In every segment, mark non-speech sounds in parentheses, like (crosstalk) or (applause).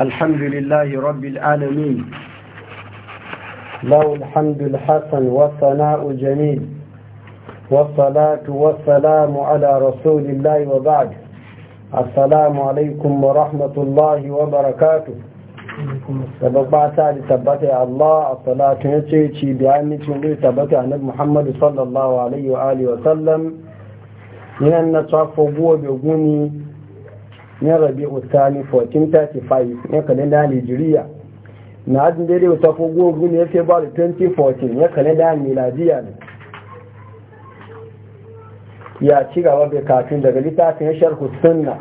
الحمد لله رب العالمين له الحمد الحسن والثناء الجميل والصلاة والسلام على رسول الله وبعد السلام عليكم ورحمة الله وبركاته تبقى تبقى الله الصلاة نتيجي بعنيك ونبي تبقى نبي محمد صلى الله عليه وآله وسلم من أن نتعفو بوه ya rabi utani 1435 ya da nigeria na adin daidai wata fogo gumi ya february 2014 ya da miladiya ne ya ci gaba da kafin daga littafin sharhu sunna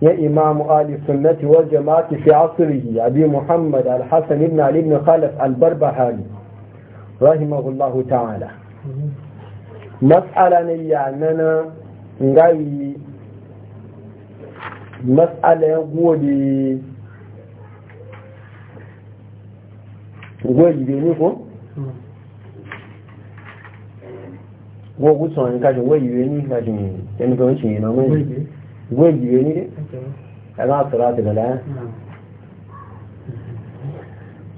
ya imamu ali sunnati wal jama'ati fi asrihi abi muhammad al-hasan ibn ali ibn khalaf al-barbahari rahimahullahu ta'ala mm-hmm. Matsala ne ya nana matsalar gode gwaji bai ne ko? gwagu tsohon kashin gwaji bai ni kashin yanzu kawai yana mai bai ne a za su rata da laya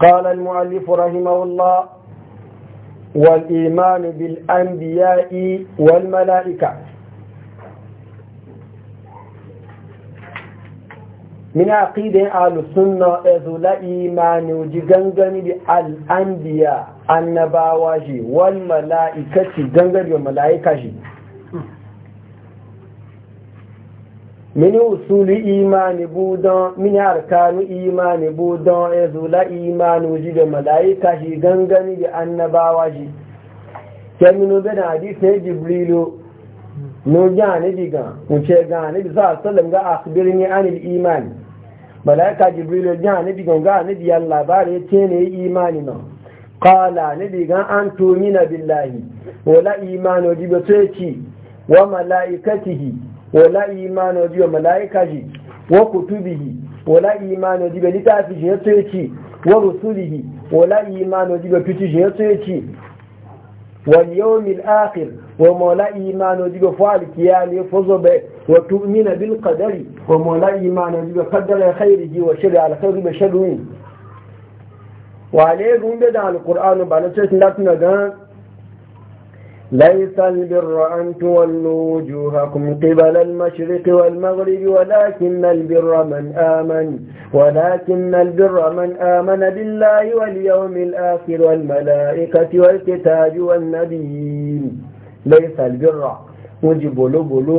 قال المؤلف رحمه الله والإيمان بالأنبياء والملائكة min aqidin ahlus sunna azula imani ji gangani bi al anbiya annabawa shi wal malaikati gangani bi malaika shi min usuli imani budon min arkanu imani budon azula imani ji da malaika shi gangani bi annabawa shi kemino bena hadith ne jibrilu no jani diga mu ce gani bi sa sallam ga akhbirni anil imani malaika jibrilu ya annabi ganga annabi ya labari yace ne imani na qala annabi gan an tumina billahi wala imanu jibo teki wa malaikatihi wala imanu jibo malaikaji wa kutubihi wala imanu jibo litafi je teki wa rusulihi wala imanu jibo piti je teki wal yawmil akhir wa mala imanu jibo fa'al kiyami fuzobe وتؤمن بالقدر ومولا إيمان بقدر خيره وشري على خير بشرين وعليكم بدع القرآن بعد سيسناتنا قال ليس البر أن تولوا وجوهكم قبل المشرق والمغرب ولكن البر من آمن ولكن البر من آمن بالله واليوم الآخر والملائكة والكتاب والنبيين ليس البر وجبلوا بلو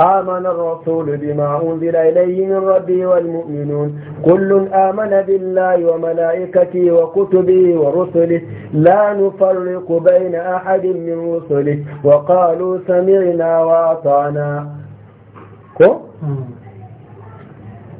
آمن الرسول بما أنزل إليه من ربي والمؤمنون كل آمن بالله وملائكته وكتبه ورسله لا نفرق بين أحد من رسله وقالوا سمعنا وأطعنا كو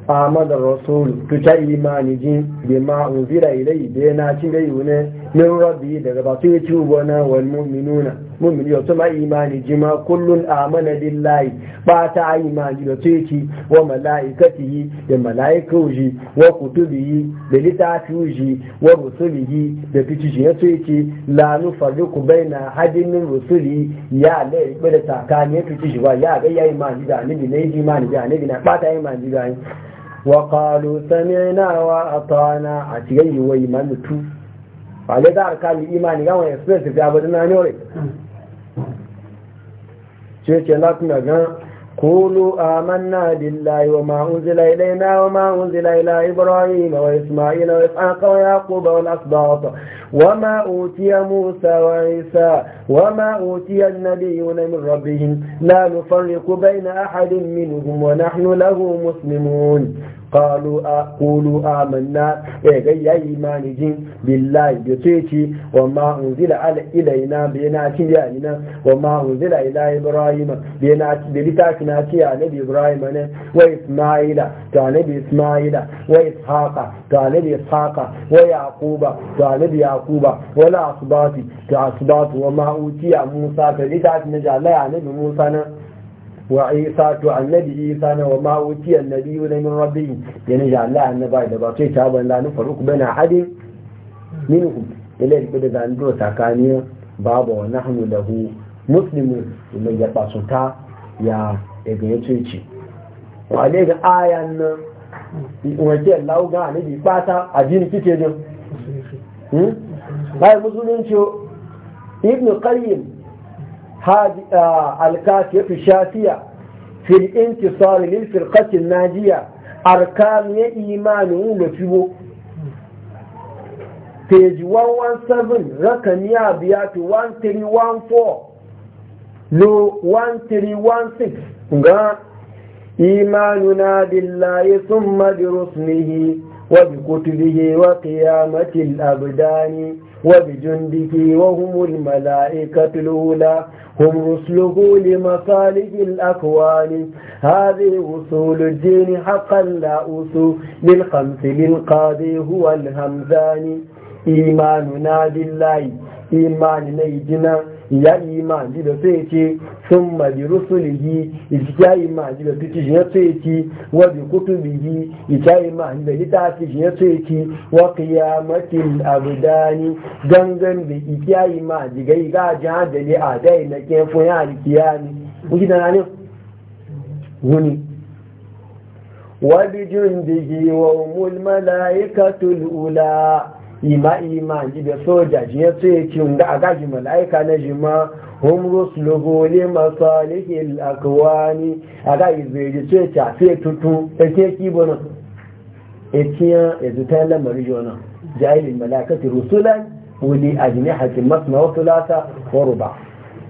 آمن الرسول تجا إيمان جين بما أنزل إليه بينا تجيونه من ربي دغبطيه تشوبنا والمؤمنون mumin yau tuma imani jima kullun amana billahi ba ta imani da teki wa malaikatihi da malaikuji wa kutubihi da litafuji wa rusulihi da fitiji ya teki la nu nufarriqu baina hadin min rusuli ya la ibe da takani fitiji ba ya ga yayi imani da annabi ne imani da annabi na ba ta imani da annabi wa qalu sami'na wa ata'na a cikin yi wa imani tu ba da arkani imani ga wani express da abadana ne ore شيخ ce قولوا آمنا بالله وما أنزل إلينا وما أنزل إلى إبراهيم وإسماعيل وإسحاق ويعقوب والأسباط وما أوتي موسى وعيسى وما أوتي النبيون من ربهم لا نفرق بين أحد منهم ونحن له مسلمون قالوا قولوا آمنا يا إيمان جن بالله بيتيتي وما أنزل على إلينا بيناتي بياننا وما أنزل إلى إبراهيم بيناتي بيتاتنا تي على إبراهيم وإسماعيل كان إسماعيل وإسحاق كان إسحاق ويعقوب كان يعقوب ولا أصباطي كأصباط وما أوتي موسى بيتاكنا جعلنا يعني موسى وعيسى النبي عيسى وما أوتي النبي من ربه ينجع الله النبي دبا شيء شابا لا نفرق بين أحد منهم إلا يقول أن دو تكاني بابا ونحن له مسلم من يبقى ستا يا ابن تشيشي وعليك آية wace Allah ga annabi fata addini هم jin مسلمين شو ابن قيم الكافية الشافية في الانتصار للفرقة الناجية أركان إيمان ولفبو page 117 rakami abiyatu 1314 no 1316 ga imanuna billahi thumma bi rusulihi wa bi kutubihi wa qiyamati al-abdani wa bi jundihi wa humul malaikatu lula هم رسله لمصالح الأكوان هذه أصول الدين حقا لا أصول للخمس للقاضي هو الهمزان إيماننا بالله إيمان نيجنا ya yi ma ji da sai ce sun ma bi rusulihi ya yi ma ji da tuci ya sai ce wa bi kutubihi ya yi ma ji da litafi ya sai ce wa qiyamatil abdani gangan da ya yi ma ji ga ga ja da li a dai na ke fun ya alkiyani kuji da nan wuni wa bi jundihi wa umul malaikatul ula ima ima ji da soja ji ya tsaye ki da aga ji mala'ika na ji ma hum rusuluhu li masalihi al a aga ibe ji ce e ta tutu e ke ki bona e tiya e zuta la marijona jahil mala'ikati rusulan jini li masu masna wa thulatha wa ba.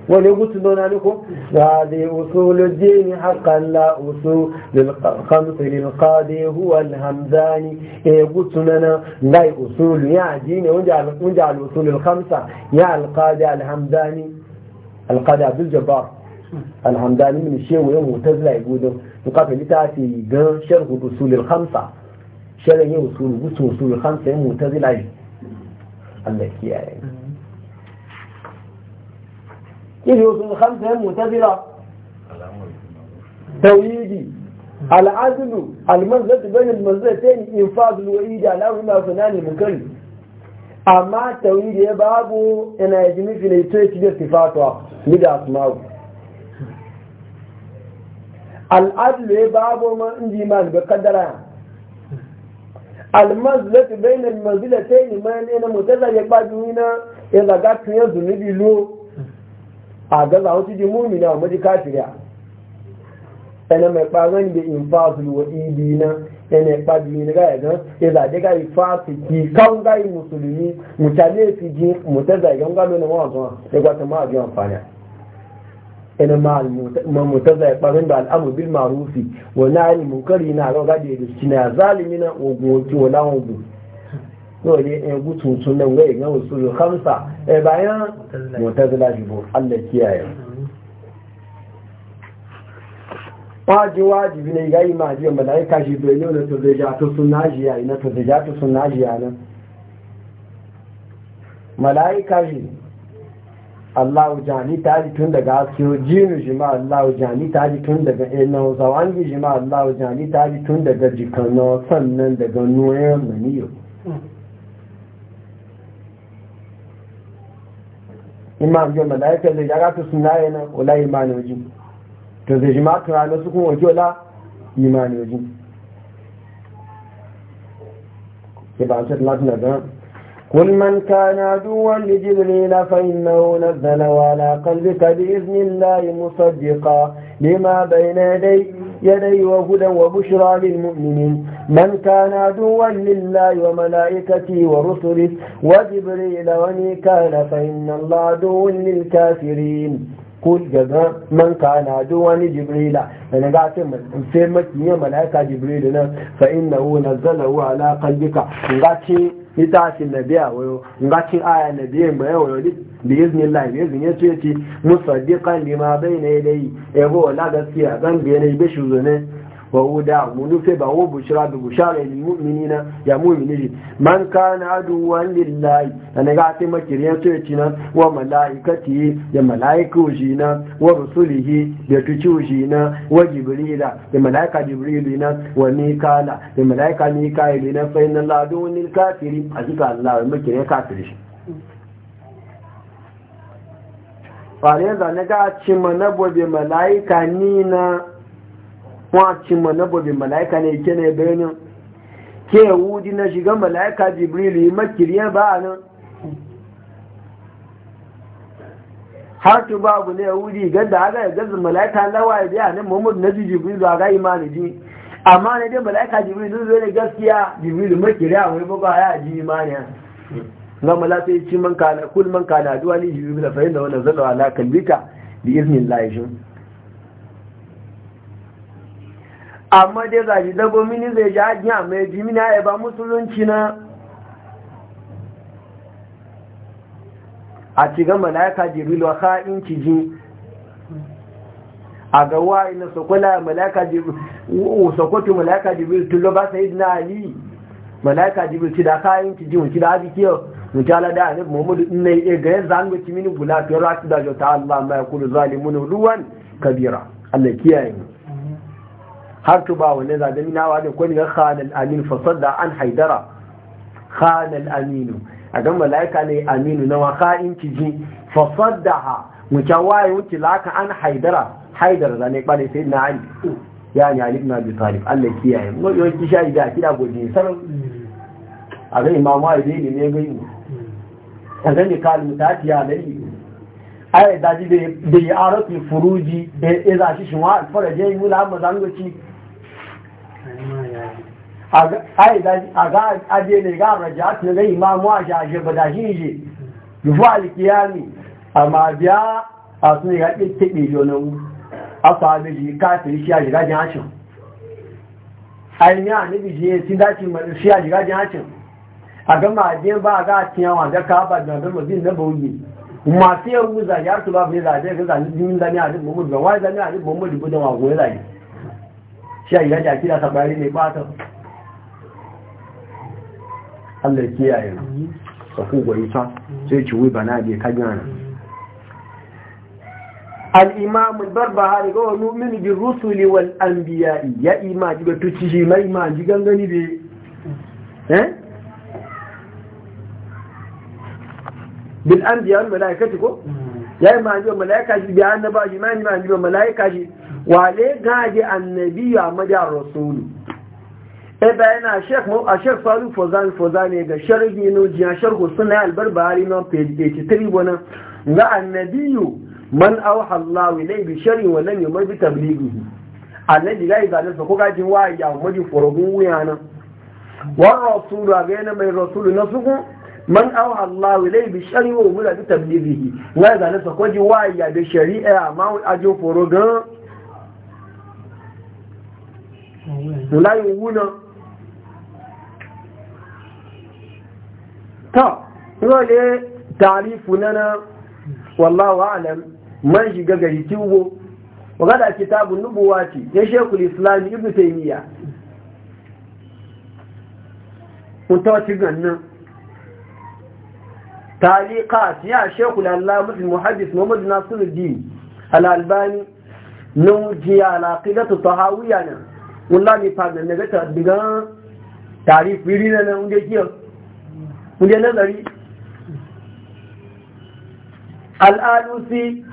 wani gutu nuna ne ko wasu usulu jini haƙan la usu lilkamsu lilkadi huwa alhamzani e gutu nana lai usulu ya jini wunja al'usulu lilkamsa ya alkadi alhamzani alkadi abdul jabbar alhamdani min hoto yan hotar zai gudun nukafa littafi gan sharhu usulul khamsa sharhin usulul gusu usulul khamsa yan hotar zai Allah kiyaye. كيف يوصل خمسة معتزلة توحيدي العدل المنزلة بين المنزلتين إنفاذ الوعيد على أمر ما فنان المكرم أما توحيد يا بابو أنا يجمي في ليتوي تجي ارتفاعها بدا أسماؤه العدل يا بابو ما عندي ما بقدر المنزلة بين المنزلتين ما أنا متزل يا بابو هنا إذا تنزل نبي له a gaza wasu ji mumina wa maji kafiriya ɗana mai ɓarin da in fasul wa ibi na ɗana ya ɓaji ne ga yaga ya zaɗe ga yi fasu ki kan ga musulmi mutane su ji mutar zaigan ga nuna mawa ya gwata ma biyan amfani ɗana ma mutar zai ɓarin da al'amu bil marufi wa na yi munkari na ga gadi da shi na zalimina wa goki wa lawon yau ne ɗaya gutsun sunan gai na wasu hamsa ɗaya eh, bayan motar zila jibo allah kiyaye waji wajibi ne ga yi maji yamma da ya kashi bai yau na to zai ta suna jiya na to zai ja to suna jiya na mala'ika shi allahu jani ta ji tun daga asiyo jinu shi ma allahu jani ta ji tun daga ina zawangi shi ma allahu jani ta ji tun daga jikano sannan daga nuyen maniyo imam jo malaika zai ga ta suna yana wala imani wajin to zai jima tura su kuma wajen wala imani wajin ba latin da قل من كان عدوا لجبريل فإنه نزله على قلبك بإذن الله مصدقا لما بين يديه يدي وهدى وبشرى للمؤمنين من كان عدوا لله وملائكته ورسله وجبريل وميكال فإن الله عدو للكافرين قل جزاء من كان عدوا لجبريل أنا قاعد في مكية ملائكة جبريل فإنه نزله على قلبك قاعد littafin na biya wayo ngacin aya na biyan bayan wayo da izinin lai da izinin ce ce musaddiƙan lima bai na yanayi ebo wala gaskiya zan biya na ibe shuzo ne وهدى ونفبا وبشرى بشارة للمؤمنين يا مؤمنين من كان عدوا لله أنا قاعد ما كريان سويتنا وملائكته يا ملائكة وجينا ورسله يا تشوجينا وجبريل يا ملائكة جبريلنا وميكالا يا ملائكة ميكائيلنا فإن الله عدو للكافرين أجيك الله مكرين كافرين Fare zane ga cimma na bobe mala'ika ni na Kuma wacin manabobin mala'ika ne ke ne bayanin ke yahudi na shiga mala'ika jibril yi makiriyar ba a nan hatu babu na yahudi ganda aga ya gazin mala'ika lawa ya biya nan muhammadu na ji jibril a ga imani ji amma na dai mala'ika jibril sun zo ne gaskiya jibril makiriya wai baka ya ji imani ga mala sai ci man kana kul man kana duwani jibril fa inna wa nazala ala kalbika bi iznillah amma dai zaji dago mini zai ji hajji a mai ji mini ya ba musulunci na a cigan malaka ha in ci ji a ga wa'in na sokola malaka jibril sokoto malaka jibril tullo ba sai na ali malaka jibril ci da ci ji wuci da haji kiyo mutala da annabi muhammadu din nan e ya ga zan an wuci mini gula to ra da jota Allah ma ya kullu zalimun ruwan kabira Allah kiyaye har tu ba wanne zaga na wa da kwani ga khanal amin fa sadda an haidara khanal aminu a ga malaika ne aminu na waka in ji fa saddaha mucha waye wuce laka an haidara haidara zane bane sai na ali ya ni ali ibn abi talib Allah kiyaye mu yo ki shayi da kida goje sar a ga imamu ali ne ne gai mu. a ga ni kalu ta tiya ya yi ai da ji da ya arafi furuji da eh, ya eh, zashi shi wa alfaraje yi mu la amma zangoci aje ne ga raja su ga imamu a shaje ba da shi je yufu alkiyami amma biya a su ne ga ƙiƙiɓe yonan a sami ji kafin shi a shiga jin hacin ainihi a nufi shi ya shi a shiga jin hacin a gama ba a ga tiyawa da ka ba da zama zin na bauyi masu yau wuza ya su ba bai zaje ga zani jimin zani a duk mamudu ba wani zani a duk mamudu budan wa goyi zani shi a shiga jaki da sabari ne ba ta Allah kiyaye mu sako gwai ta sai ci wai bana bai ka gana al-imam al-barbahari ga wani mini bi rusuli wal anbiya ya ima ji ga tuci shi mai ma ji gangani be eh bil anbiya wal malaikati ko ya ima ji malaika shi bi annaba shi ma ji ma ji malaika shi wale gaji annabiya majar rasulu ebe yana shek mu a shek faru fozan ne ga sharhi no jiya sharhu sunna bari no page 83 wannan ga annabiyu man awha Allah ilay bi sharri wa lam yumar bi tablighihi annabi ga idan sa ko ga jin wa ya mu ji forogun wuya na war rasul ga ne mai rasul na suku man awha Allah ilay bi sharri wa umira bi tablighihi ga idan sa ko ji wa ya da shari'a e ma ajo forogun Mulayin wunan ta wale tarifu na na wallahu alam man shiga gari tiwo wadda kitabun nubuwa ce ya shekul islami ibn taymiya mutawacin gannan tariqat ya shekul allah muslim muhaddis muhammad nasiruddin al-albani nujiya al-aqidatu tahawiyya nan wallahi fa daga daga tarifi rina nan unge kiyo kuje nazari al'adusi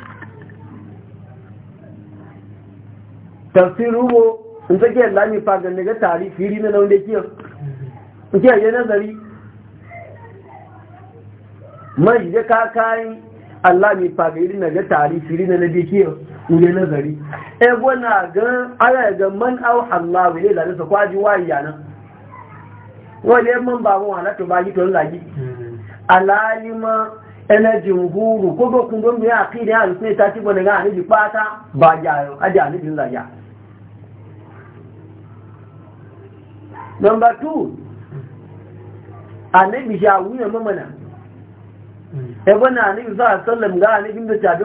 tafsiru mo in take yalla mi fa ganin ga tari firi na nan da kiyo kuje yayi nazari mai da ka kai Allah mi fa ga irin ga tari firi na nan da kiyo kuje nazari e bona ga ala ga man au Allah ila eh, da kwaji wa yana wọ́n lè mọ́ bá wọn àlátò bá yí tó ń láyé aláàlímọ́ ẹnẹ́jì húrù kógókun tó ń gbé àkírí àrùsí ìta tí bọ̀ nìkan àníbi pátá bá yà ọ́ ajé àníbi ń láyà. nọmba tù àníbi ṣe àwúyàn mọ́mọ́nà ẹgbẹ́ náà àníbi sọ́ra sọ́lẹ̀m gá àníbi ń lọ tàbí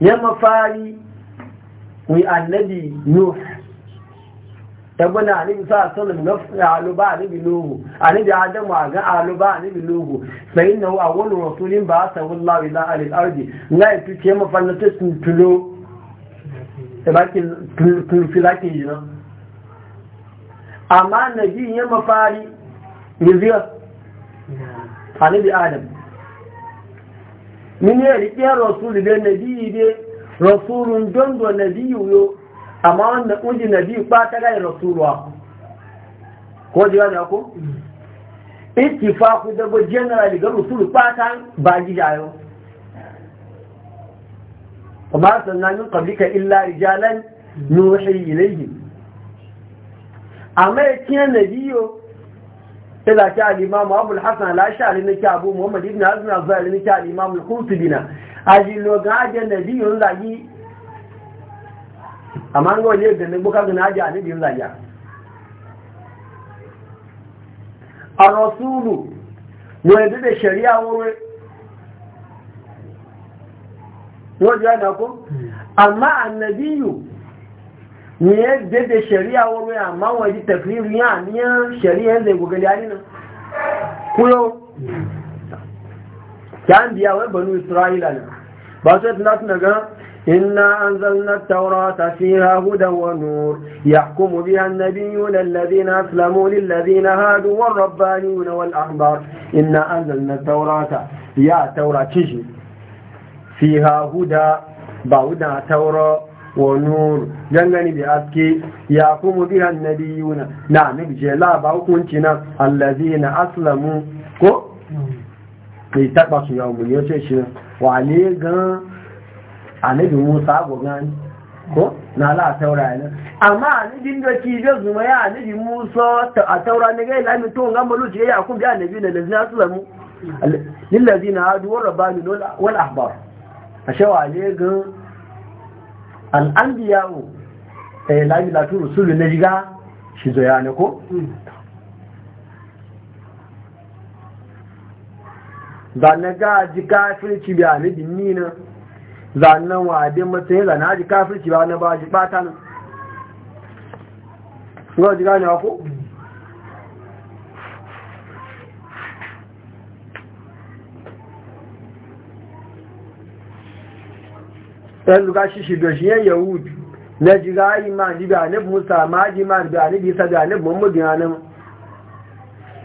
ya mafari wi annabi nuh tabbana annabi sa sallam ga aluba annabi nuhu annabi adamu ga aluba annabi nuhu sai inna huwa awwalu rasulin ba sa wallahi ila alil ardi ngai tuke mafallata sun tulo tabakin tulfilakin jina amma annabi ya mafari ne zai annabi adam min ya riƙe rasulu be nabi be, rasulun don do nabi yo amma wanda uji nabi ba ta gai rasuluwa ko ji wani hmm. fa ku da ba general ga rasulu ba ta ba gidayo amma sannan min qablika illa rijalan hmm. nuhi ilayhim amma yake nabi yo إذا كان الإمام أبو الحسن الأشعري نكي أبو محمد بن عزم الزهري نكي الإمام القرطبي أجل لو قاعد النبي ينزعي أما نقول لك أنك بكاك ناجع النبي ينزعي الرسول ويدد الشريعة ويدد أنكم أما النبي ni ya dade shari'a wani amma waje tafiri ya niyan shari'a zai gugali ani nan kyan biya wai banu isra'ila ne ba su yadda nasu daga إنا أنزلنا التوراة فيها هدى ونور يحكم بها النبيون الذين أسلموا للذين هادوا والربانيون والأحبار إنا أنزلنا التوراة يا توراة تجي فيها هدى بعدها توراة ونور nur dangane da بها ya kuma جلا na nabi je la ba hukunci na allazina ko wa annabi Musa gogan ko na la taura ne amma annabi da ki da zuma ya annabi Musa a taura ne ga to je ya kuma lillazina hadu wal ahbar ne gan. al'ambiyawo eh labi latu rusulu na jiga shi zoya ne ko zanen ga ji kafirci biya na dinni na zanen wade matsayin zanen ji kafirci biya na ba ji bata nan ga ji gane ko ɗan zuga shi yan yahudu na jiga iman ji bi nabi musa ma ji ma bi nabi isa bi nabi muhammadu ya nan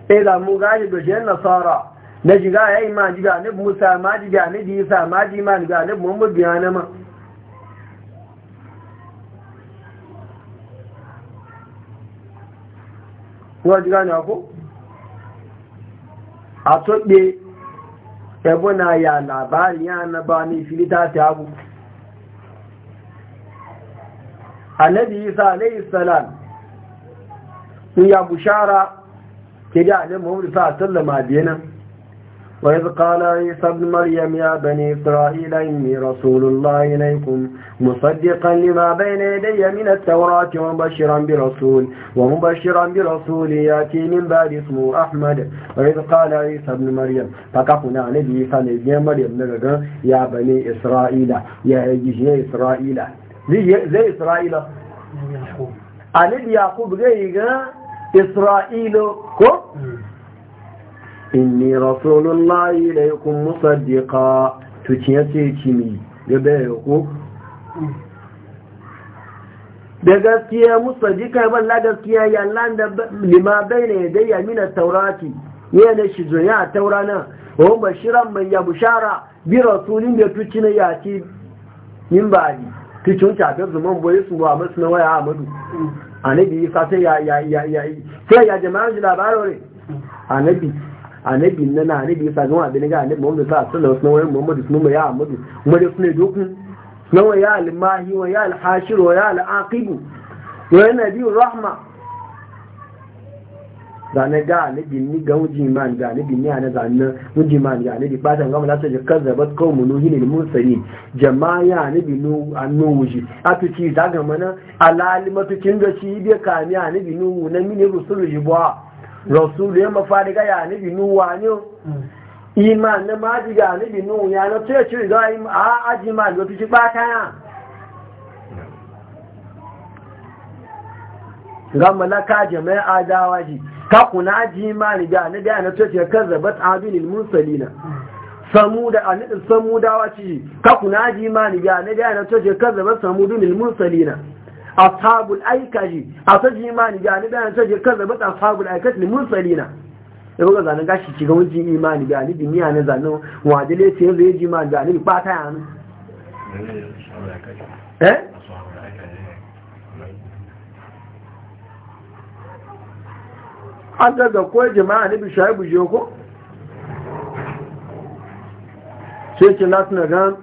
ɗaya da mu shi yan nasara na jiga ya iman ji bi nabi musa ma ji bi nabi isa ma ji ma bi nabi muhammadu ya nan wọ́n jiga ni ọkọ́ a tó ɗe ẹgbọ́n na yà labari ya na ba ni filita ta النبي isa عليه السلام in بشارة bushara ke da annabi muhammad وإذ قال عيسى ابن مريم يا بني إسرائيل إني رسول الله إليكم مصدقا لما بين يدي من التوراة ومبشرا برسول ومبشرا برسول يأتي من بعد اسمه أحمد وإذ قال عيسى ابن مريم فكفنا نبي عيسى مريم يا بني إسرائيل يا إسرائيل zai isra'ila annabi yaqub zai ga isra'ila ko inni rasulullahi ilaykum musaddiqa tuciya ce kimi ya da ko da gaskiya musaddiqa ban la gaskiya ya landa lima bayna yadayya min at-taurati yana shi zuya taurana wa bashiran man ya bushara bi rasulin da tucina ya ci min ba'di kicin shafin zuman boye su ba masu na waya amadu anabi isa sai ya ya ya ya sai ya jama'a ji labarin ne anabi anabi na na anabi isa zuwa bin ga anabi muhammadu sa sallallahu alaihi wasallam muhammadu sunan ya amadu kuma da sunan dokun sunan ya al-mahi wa ya al-hashir wa ya al-aqib wa ya nabiyur rahma zane ga alibi ni ga wuji man ga alibi ni ana zanna wuji man ga alibi batan ga mulata je kazzabat qaumun nuhin lil mursalin jama'a alibi nu annu wuji atuci daga mana alalimatu kin da shi be kami alibi nu na mini rusulu jibwa rasulu ya mafari ga alibi nu wani iman na maji ga alibi nu ya na ce ce ga a ajiman da tuci batan ga malaka jama'a dawaji kakuna ji ni ga na ga na ce kan zabat abinil mursalina samuda an samudawa ci kakuna ji ni ga na da na ce kan zabat samudunil mursalina ashabul aikaji asaji ni ga na ga na tace kan zabat ashabul aikatil mursalina da ga zanin gashi shiga wajen imani ga ni ni ne zanin wadile ce yanzu ji ma ga ni ba ta yana eh an ga ko jama'a ne bi shaibu je ko sai ce latin gan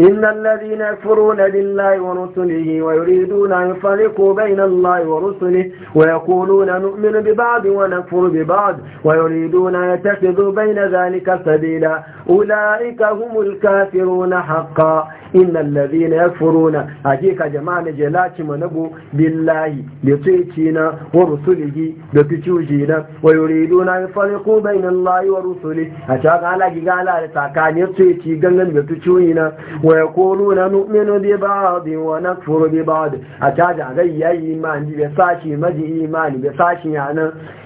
إن الذين يكفرون بالله ورسله ويريدون أن يفرقوا بين الله ورسله ويقولون نؤمن ببعض ونكفر ببعض ويريدون أن يتخذوا بين ذلك سبيلا أولئك هم الكافرون حقا إن الذين يكفرون أجيك جماعة جلاتي منبو بالله لطيتنا ورسله لتشوجينا ويريدون أن يفرقوا بين الله ورسله أشاك على جيغالا لتاكاني لطيتي غنغن لتشوجينا ويقولون نؤمن ببعض ونكفر ببعض أتاجع غي يا إيمان بساشي مجي ايمان بساشي يعني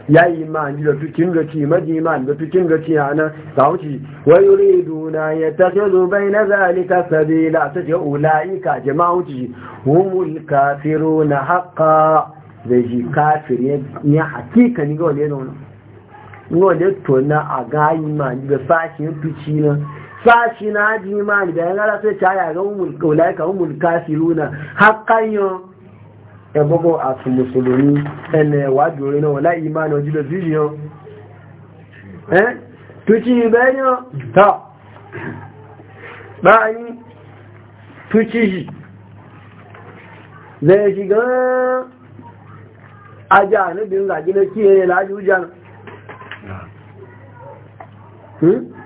يا إيمان بتتنغتي مجي إيمان بتتنغتي يعني سعوتي ويريدون يتخذوا بين ذلك سبيلا تجي اولئك جماعتي هم الكافرون حقا زي كافر يا حقيقة نقول يدون نقول يدون أغايمان بساشي يتوشينا sashi na ji imani da yangara sai ta ya ga umul kaulai ka umul kafiruna hakan yo Ya bogo a su musulmi ene wa dore na wala imani oji da zidiyo eh tuci benyo ta bani tuci zai shiga aja ne bin ga gina kiyaye lajujan hmm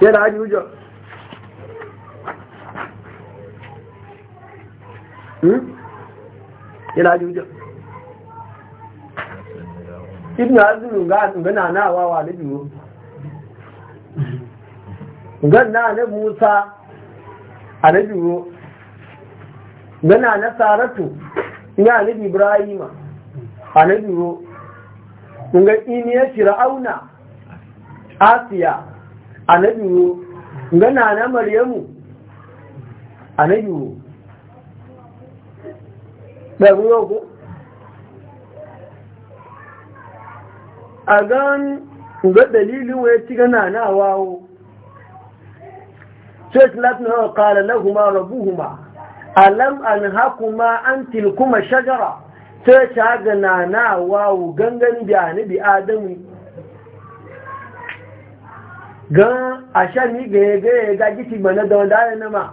sai da hajji hujjo ibn azumi gana na wawa na biyu gana na musa a na biyu gana na saratu ina na ibrahima a na biyu ga iniyar shira'auna asiya anabiwo wo ga nana maryamu anabiwo wo ɗaru yau a gan ga dalilin wa ya ci gana na wawo sai latin hawa kala lahuma huma alam an hakuma an tilkuma shagara sai ta gana na wawo gangan da adamu gan ashami gaya gaya ga gici bane da wanda ya nama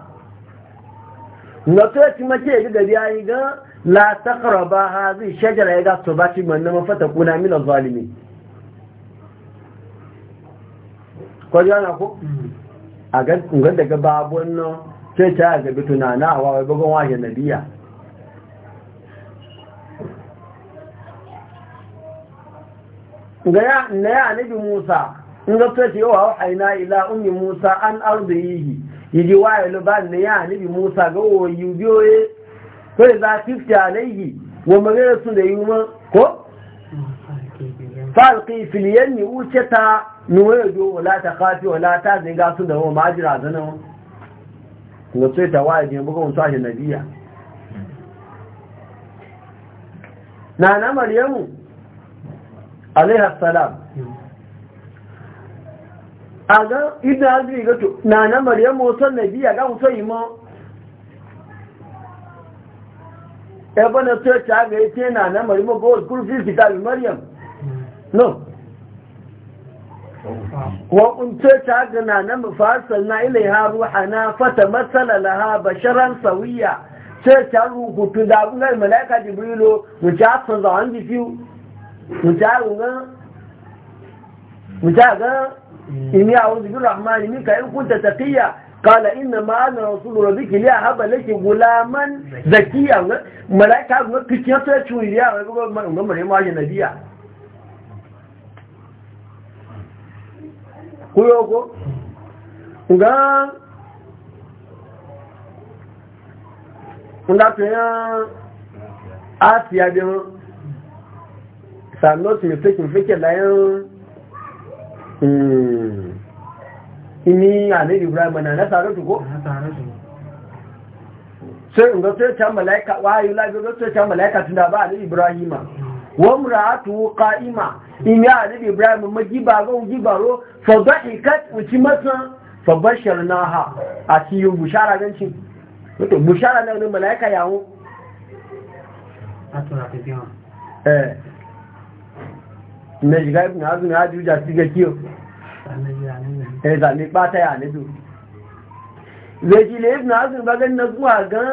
na to ci mace ya ga yayi ga la taqraba hadhi shajara ya ga to ba ci manna mafata kuna min zalimi ko ya na ko a ga kun ga daga babu wannan sai ta ga bituna na wa wai bugun waje nabiya ga ya na ya nabi Musa in ga ta ce wa haina ila ummi musa an arzihi yiji wa ya ba ne ya nibi musa ga woyi biyoye ko za fifty alaihi wa magana sun da yuma ko falqi fil yanni uceta nuwayo wala ta khafi wala ta zinga su da wa majira zanan ko sai ta wa ne bugun sashi nabiya na maryamu alaiha salam aga idan azuri ga to na na maryam musa nabi aga musa imo ebe na to ta ga ite na na maryam go kul fi kitab maryam no wa kunta ta ga na na mufasalna ilaiha ruhana fatamassala laha basharan sawiya sai ta rubutu da gunar malaika jibrilu mu ta san da an biyu mu ta ga mu ta ga إني أعوذ بالرحمن منك إن كنت تقيا قال إنما أنا رسول ربك لي أحب لك غلاما زكيا ملائكة كتير تشوي لي أقول ما ما هي نبيا kuyoko nga nga tuya asiya bi sannot mi fake mi fake la yan Hmm. ini annabi ibrahim na na saratu ko sai in ga sai ta malaika wayu la ga sai ta malaika tunda ba annabi ibrahim wa mra'atu qa'ima in ya annabi ibrahim majiba ga ujibaro fa dhahikat uci masa fa basharnaha a cikin bushara wato na yawo na shiga ibn hazm ya ji ja shiga kiyo eh da ni bata ya ne du zai ji ibn hazm ba gan na zuwa ga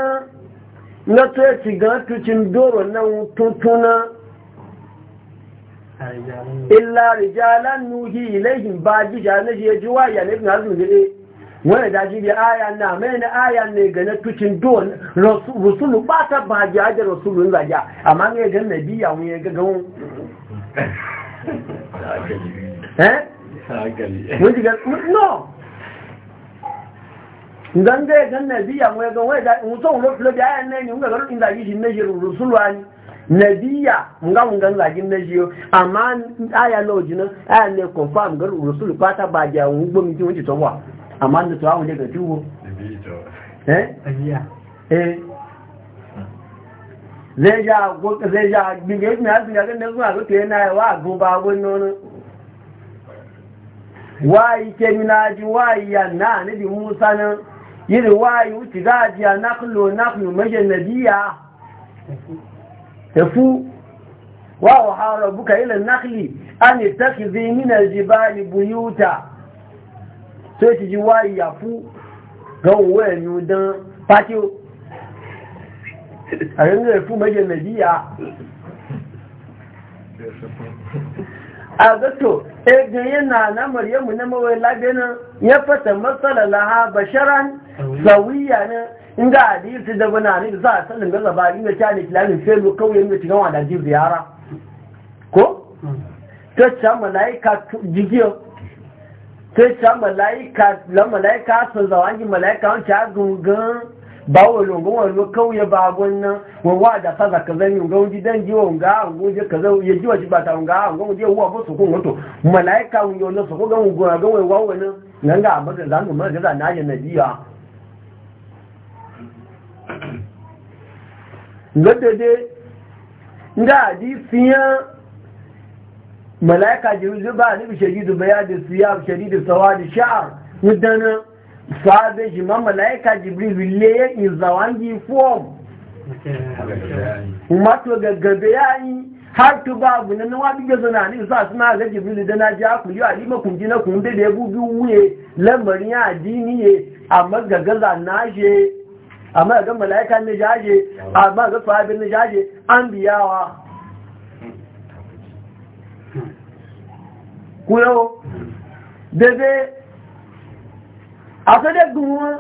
na to ci ga tucin doro nan tutuna illa rijalan nuhi ilaihim ba ji ja ne ji wa ya ibn hazm ne wani daji bi aya na mai na aya ne ga na tucin don rusulu ba ta ba ji ajiyar rasulun zaja amma ne ga nabi ya wuye ga gawon mun shiga no ngan da gan nabiya mu ga wai da mu son ro filo da ayan ne mun ga ro inda yi ne shi rusulwani nabiya mun ga mun ga ne shi amma aya lo jina aya ne confirm ga rusul kwata ba ja mun gbo mi ti won amma zai ja zai ja gbigbe mi asi ga ne zuwa ko te na wa go ba go nono wai ke mi na ji wai ya na ne bi musa na yiri wai wuce ti ga ji na khlo na khlo me je nabiya tafu wa wa harabuka ila nakhli an yattakhidhi min aljibali buyuta sai ti ji wai ya fu ga wo e nu dan patio a yanzu da kuma janabiya a zato ɗaya e yana na maryamu na mawai labinan ya fata matsala laha basharan zawiya ne Inda ga hadisi da bana ne za a sanin gaza ba inda ta ne kilamin felu kawai yadda cikin wadaji ziyara ko? ta ce mala'ika jigiyo ta ce mala'ika la mala'ika sun zawangi mala'ika wancan gungun ba wa longon wani kauye ba wannan wawa da fasa ka zan yi ngon gidan jiwa nga ngon je ka zan ya jiwa ji ta nga ngon je wa bosu kun wato malaika un yono so ko ga ngon ga wa wani nan ga amma da zan mu ga na ya nabiya ngadde de nga di fiya malaika jiru ba ni bi shadidu bayadi siyab shadidu sawadi sha'r yadana sabe ji ma malaika jibril e le ya zawangi form umato gaggabe yayi har to babu nan wa bi gazana ni sa suna ga jibril da na ji aku yi alima makun ji na kun da da bubi wuye lamari ya addini ye amma ga gaza na je amma ga malaika ne jaje amma ga sahabi ne jaje an biyawa hmm. ku yau hmm. daidai àtọ́jẹ́gùn wọn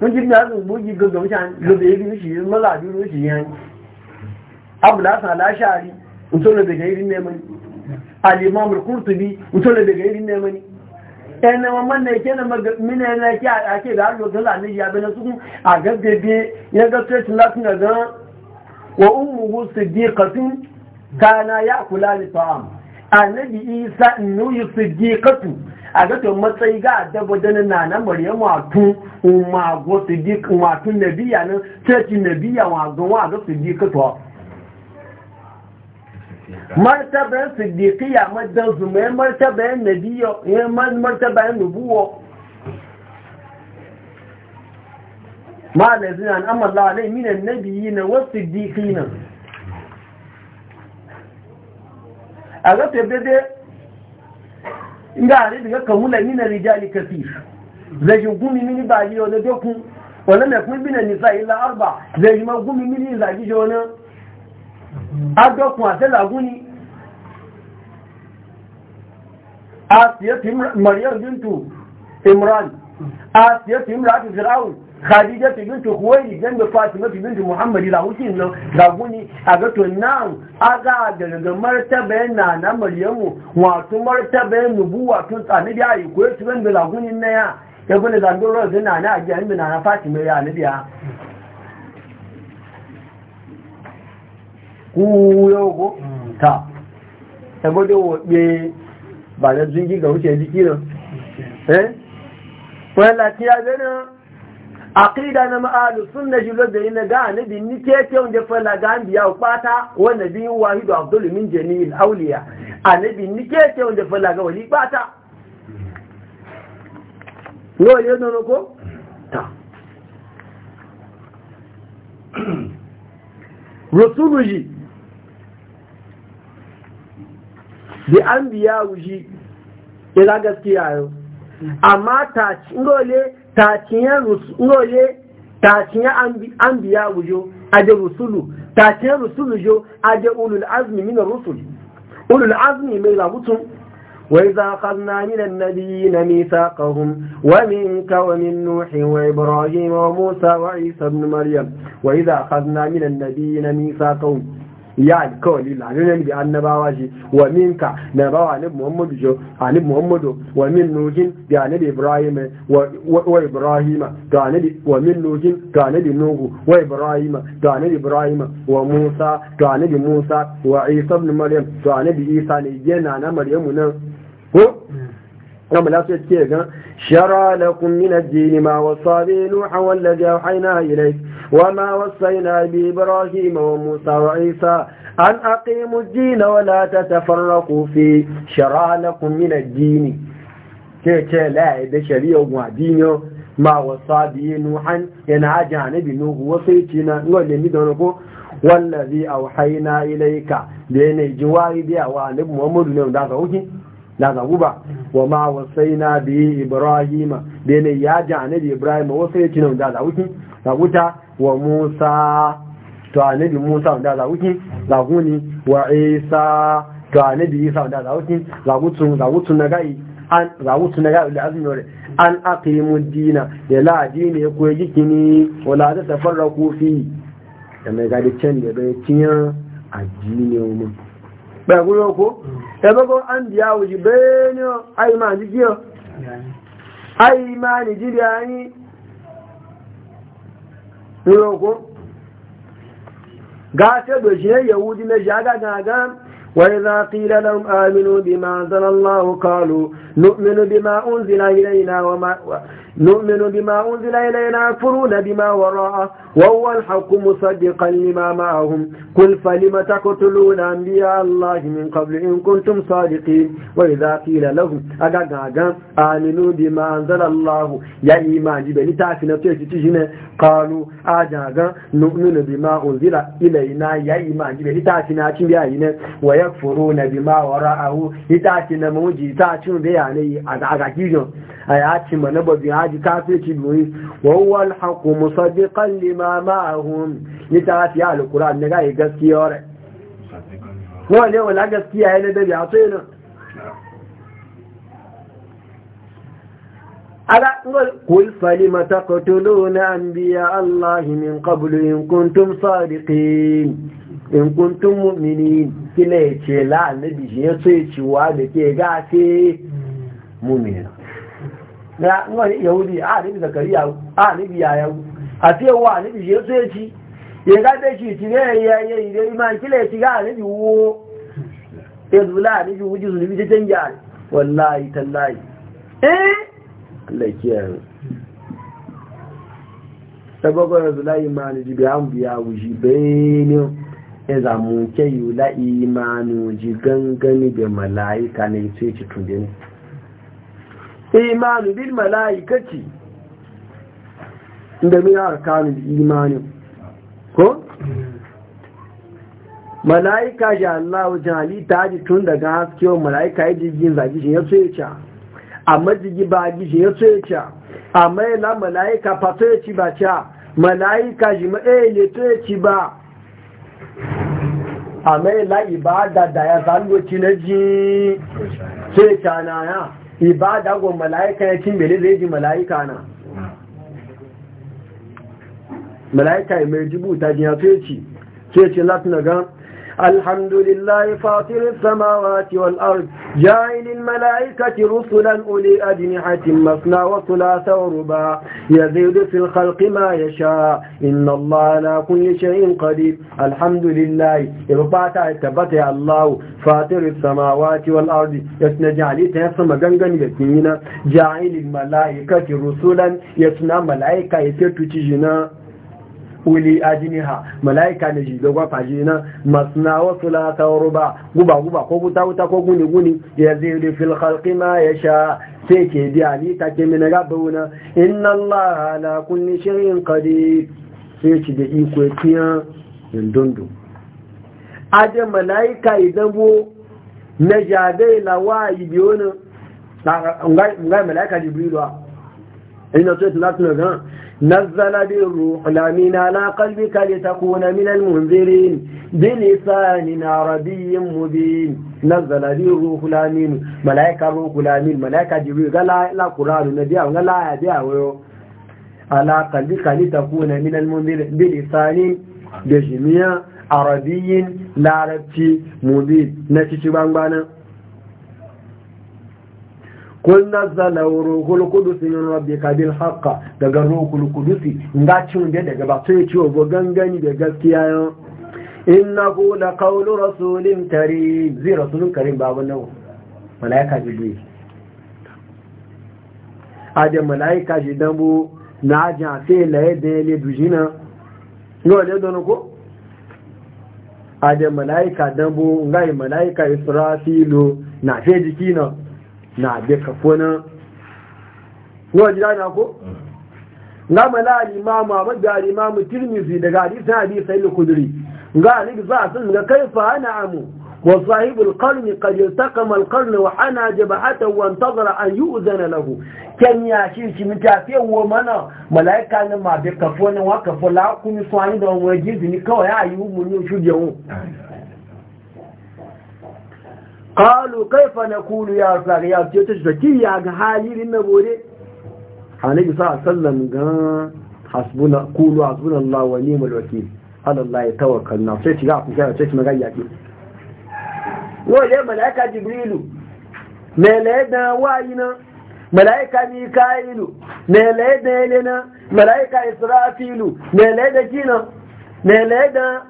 wọ́n jí gbà gbogbo yí gbogbo lóbẹ̀ ibi ṣì yí mọ́lá àbí ló ṣì yán abùlásàn aláṣàárí ìtọ́lẹ̀bẹ̀gẹ̀ irin nẹ́mọ́ni alìmọ́mù kúrùtùbí ìtọ́lẹ̀bẹ̀gẹ̀ irin nẹ́mọ́ni ẹni wọn mọ́nà ìkẹ́ na mọ́nà ẹ̀lẹ́kẹ́ àti ìlàlọ́gán lànìyà abẹ́nà sókún àgẹ́gẹ́gẹ́ yẹ́gẹ́ tẹ́tì láti gàgán wọ́n ń mú wọ́n sì díẹ̀ kàtún káyà kùlá nìtọ́ àmù annabi isa nuyi siddiqatu a ga to matsayi ga dabo da na na maryamu atu umma go siddiq umma nabiya nan ceci nabiya wa go wa ga siddiqatu martaban siddiqiya madan zuma martaba nabiya ya eh, martaban nubuwa ma lazina an na Allah alai na nabiyina was siddiqina a ga tabbade inda hari daga kamula mina rijali kasir zai gumi mini ba yi wani dokun wani mai kun bi na nisa ila arba zai yi ma gumi mini zagi ji wani a dokun a sai laguni a siyar maryam bintu imran a siyar imran fir'aun khadija ta bintu huwaini dan da fatima bintu muhammadi la husin nan ga guni a ga to nan aga daga martaba yana na maryamu wato martaba nubuwa tun tsanabi ayi ko su ban da lagunin na ya ya bane da ndoro zina na ajiya inda na fatima ya nabiya ku yogo ta ta gode wobe ba da jingi ga wuce jiki nan eh wala tiya zana aqida na ma'alu sunna jilo da ina ga annabi ni ke ke wanda fala ga anbiya kwata wa nabi wahidu abdul min jami'il awliya annabi ni ke ke wanda fala ga wali kwata no le no ko ta rasuluji bi anbiya wuji ila gaskiya yau amma ta ngole taciyar roye taciyar an biya wujo aje rusulu taciyar rusulu jo aje ulul azmi min rusul ulul azmi mai labutun وإذا أخذنا من النبيين ميثاقهم ومنك ومن نوح وإبراهيم وموسى وعيسى بن مريم وإذا أخذنا من النبيين ميثاقهم ya alkawali lalunan bi annabawa shi wa minka na bawa anib muhammadu jo anib muhammadu wa min nuhin bi anib ibrahim wa ibrahima da anib wa min nuhin nuhu wa wa musa da anib musa wa isa ibn maryam to isa ne yana na maryamu nan ko رب shara تتكيك شرع لكم من الدين ما وصى به نوحا والذي أوحينا وما وصينا بإبراهيم وموسى وعيسى أن أقيموا الدين ولا تتفرقوا في شرع لكم من الدين كيف لا يدى شريع ودينه ما وصى به نوحا ينعج عن نوح وصيتنا نقول لهم دونكو والذي أوحينا إليك بين جواري بها وعنب محمد لهم دعا وكي la zagu ba wa ma wasaina bi ibrahima bene ya ji annabi ibrahima wasai ya ci da zawuki zaguta wa musa to annabi musa wanda zaguki zaguni wa isa to annabi isa wanda zaguki zagutun zagutun na gai an zagutun na gai da azmi an aqimu dina da la dini ko yikini wala ta tafarraku fi da mai gadi can da bai tiyan addini mu bai gulo ko mm. da bago an biya wuji bai ne ai ma jiyo ai ma ni jiri ani ko ga ta dojiyar yahudi na shaga gaga وإذا قيل لهم آمنوا بما أنزل الله قالوا نؤمن بما أنزل إلينا وما, نؤمن بما أنزل إلينا يكفرون بما وراءه وهو الحق مصدقا لما معهم قل فلم تقتلون أنبياء الله من قبل إن كنتم صادقين وإذا قيل لهم أقاقا آمنوا بما أنزل الله يا إيمان جبني تعفنا تجتجنا قالوا أجاجا نؤمن بما أنزل إلينا يا إيمان جبني تعفنا تجينا ويكفرون بما وراءه يتعفنا موجي تعفنا بيعني أجاجا ayati manaba bi haji kafirci biyu wa huwa alhaqu musaddiqan lima ma'ahum ni ta fi alquran ne ga gaskiya ore ko ne wala gaskiya yana da a so yana ala qul falima taqtuluna anbiya allahi min qablu in kuntum sadiqin in kuntum mu'minin kila ce la annabi ya so ya ciwa da ke gafe mu'mina na wani yahudi a zakariya a a ce wa shi ya shi ne ya iman kila ya ci ga wo ya zula ta canja wallahi tallahi eh Allah ya biya wuji benin ya zamu ke yi la imanu ji gangani da mala'ika ne sai ci tunde ne imanu bil mala'ikati da mina arkanin imanin ko? mala'ika ji Allah wajen halitta haji tun daga haskewar mala'ika ya jirgin zagi shi ya soye ca amma jirgin ba gishin ya soye ca amma yana mala'ika fato ya ci ba ca mala'ika shi eh, ne to ya ci ba amma yana ibada da ya zangoci na ji soye ca na ya ibada ga mala'ika ya cin bele zai ji mala'ika na mala'ika mai jibuta jiya ce ce latin gan الحمد لله فاطر السماوات والأرض جاعل الملائكة رسلا أولي أجنحة مثنى وثلاث ورباع يزيد في الخلق ما يشاء إن الله على كل شيء قدير الحمد لله إبقاتا اتبتع الله فاطر السماوات والأرض يسنجعلي تيسم غنغن يتنين جاعل الملائكة رسلا يسنى ملائكة يسير تجينا uli ajiniha malaika ne jibe faji na masna wa thulatha wa ruba guba guba ko guta guta ko guni guni ya yazidu fil khalqi ma yasha sai ke bi ali ta ke min rabbuna inna allaha na kulli shay'in qadir sai ci da iko tiya dundu aje malaika idan bo na jabe lawayi biyo ne ngai malaika jibrilu ina so tulatna gan نزل بالروح الأمين على قلبك لتكون من المنذرين بلسان عربي مبين نزل بالروح الأمين ملائكة الروح الأمين ملائكة جبريل قال لا قرآن نبيع قال لا يبيع على قلبك لتكون من المنذرين بلسان بجميع عربي لا عربي مبين نتيجة بانبانا kul nazala ruhul qudus min rabbika bil haqq daga ruhul qudus nga cin da daga ba sai ciwo go gangani da gaskiya yo innahu la qawlu rasulin karim zi rasulun karim babu nawo malaika jibril aje malaika jidabu na aja sai laye da le dujina no le dono ko aje malaika dambu ngai malaika israfilu na fe jikina na be ka fona ko jira na ko na mala al-imam da al-imam daga hadisi hadisi al-Qudri ga alibi za sun ga kaifa ana amu wa sahibul qarni qad yaltaqama al-qarn wa ana jabahata wa intazara an yu'zana lahu kan ya shi shi mutafi wa mana malaika ne ma be kafo fona wa kafo la kun so da wa gizi ni kawai ayu mun shuje mu qalu kaifa nakunu ya rasulullah ya ce ta zaki ya ga halirin na bore annabi sallallahu alaihi ga hasbuna qulu hasbunallahu wa ni'mal wakeel ala allah sai shiga ku sai ce magana yake wo ya malaika jibrilu melaida wayina malaika mikailu melaida elena malaika israfilu melaida kina melaida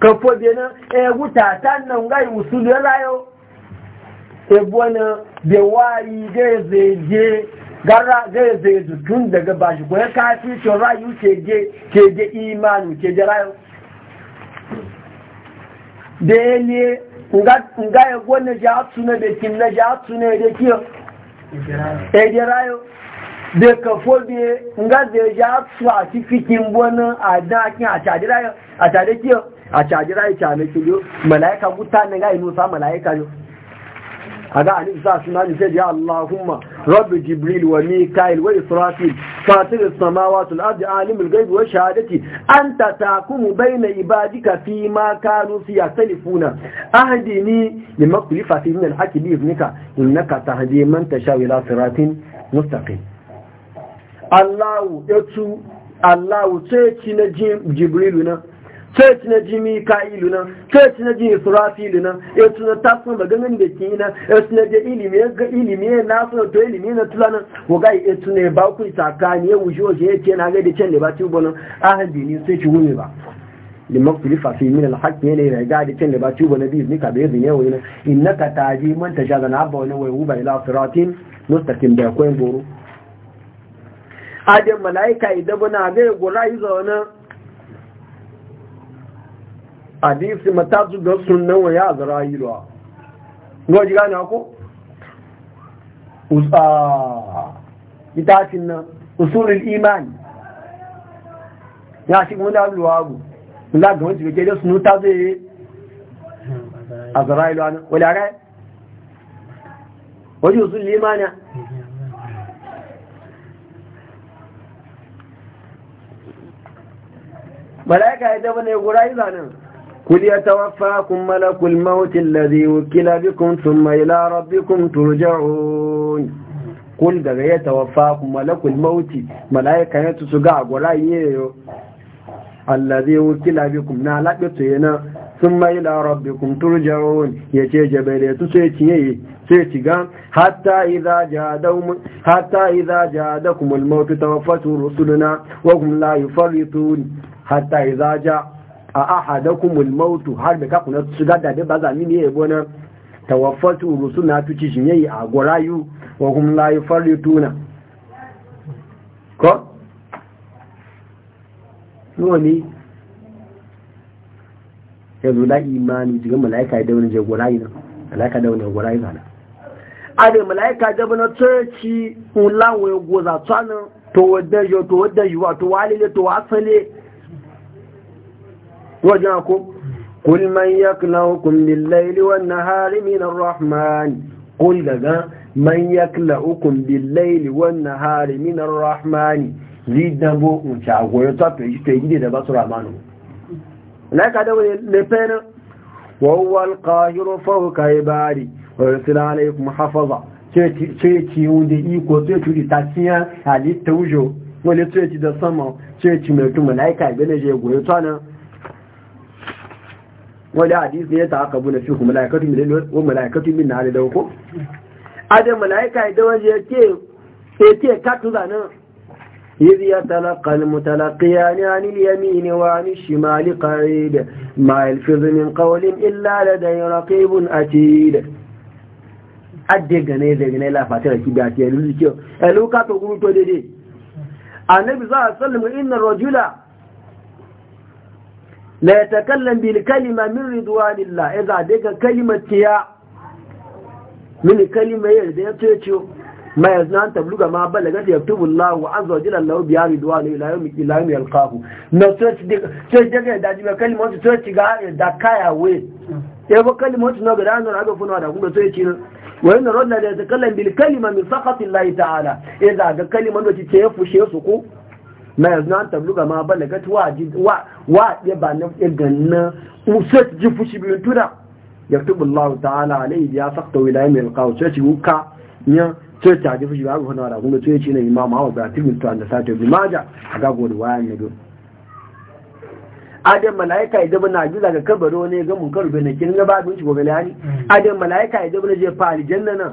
kafobena e wuta tan nan ga usulu rayo ebwana da wayi zai zai gara zai zai tun daga bashi kwaye kafi cin rayu ke ge imanu ke ge rayu da ya ne nga ya gwanna ji hatsu na da kin na ji hatsu na da kiyo ya ge rayu da kafo da nga zai ji hatsu a cikin gwanna a dakin a cadi rayu a cadi kiyo a cadi rayu cadi kiyo mala'ika mutane ga inusa mala'ika yau هذا عليك ساسنا نسيت يا اللهم رب جبريل وميكايل وإسرافيل فاتر السماوات الأرض عالم الغيب وشهادتي أنت تاكم بين عبادك فيما كانوا سيختلفون أهديني لما قلت فاسي من الحكي بإذنك إنك تهدي من تشاوي لا صراط مستقيم الله يتو الله تيكي نجيم جبريل ونه church na jimi ka'ilu nan church na jimi surafilu nan ya tuna tasan da ganin da ke nan ya tuna da ilimi ya ga ilimi ya na suna to ilimi na tula nan ko ga ya tuna ya ba ku tsakani ya wuce wuce ya ce na ga da can da ba ci bono ahan dini sai ci wume ba لمختلف في من الحق يلي رجع دي تن با تشوبو نبي ابنك باذن يوي انك تاجي من تشاغ نعبه ونوي وبا الى صراط مستقيم ده كوين غورو ادم ملائكه يدبنا غير hadisi matatu da sunan wa ya zara yiwa ngo ji gane ko usa itafin nan usulul iman ya shi mun da luwagu la ga wani ke da sunu ta zai azara yiwa wala ga wani usulul iman malaika ya dafa ne gura yi zanen قل يتوفاكم ملك الموت الذي وكل بكم ثم إلى ربكم ترجعون قل دغ يتوفاكم ملك الموت ملائكة يتسقع قرأيه الذي وكل بكم نالكتنا ثم إلى ربكم ترجعون يتي جبل يتسيتيه سيتيغان حتى إذا جادهم حتى إذا جادكم الموت توفته رسلنا وهم لا يفرطون حتى إذا جاء a ahadakumul mautu har da kakuna shiga da ba za ni ne yabo na tawaffatu rusuna tuci shin yayi a gorayu wa hum la yufarrituna ko noni zo da imani jiga malaika da wani je gorayu na malaika da wani gorayu na ade malaika da wani tsoci hun lawo goza tsanin to wadda yi wa to wale to wasale وجاكم قل من يكلؤكم بالليل والنهار من الرحمن قل لنا من يكلؤكم بالليل والنهار من الرحمن لدبو متعوي تطي تجدي دبا سرمانو لا كدو لبن وهو القاهر فوق عبادي ويرسل عليكم حفظا تيتي وندي ايكو تيتي تاتيا علي توجو wani tsoyaci da sama tsoyaci mai tun malaika ibe na je goyo tsanan wani hadisi ya ta buna fi ku mala'ikatu min lalle wa mala'ikatu min na da ko adam mala'ika idan waje yake yake ka tuza nan إذ يتلقى المتلقيان عن اليمين وعن الشمال قعيد ما يلفظ من قول إلا لدي رقيب أتيد addegane zegane la fatira ki da ke ruzi ke eluka to guru to dede annabi za sallallahu inna rajula la ya yatakallam bil kalima min ridwanillah idza daga kalimati ya min kalima ya yarda ya ce ma yaznan tabluga ma balaga yaktubu Allah wa azza wa jalla Allah bi ridwani ila yawm ila yawm yalqahu na to ce daga da ji kalima to ce ga da kaya we ya ba kalima to na ga ranar aga funa da kuma to ce wa inna rabbana la yatakallam bil kalima min saqati Allah ta'ala idza ga kalimar da ce ya fushe su ko ma yaznan tabluga ma balaga wa wa ɗe ba na ya ganna usat ji fushi tuna ya tubu Allah ta'ala alayhi ya wila ya mai qaw sai ci wuka ya sai ta ji fushi ba ko na da kuma sai ci ne imam hawa ba tibin to anda sai bi maja aga godu wa ne do adam malaika idan bana ji daga kabaro ne ga mun karbe na kin ga babu shi gobe layani mm. adam malaika idan bana je fali aljanna nan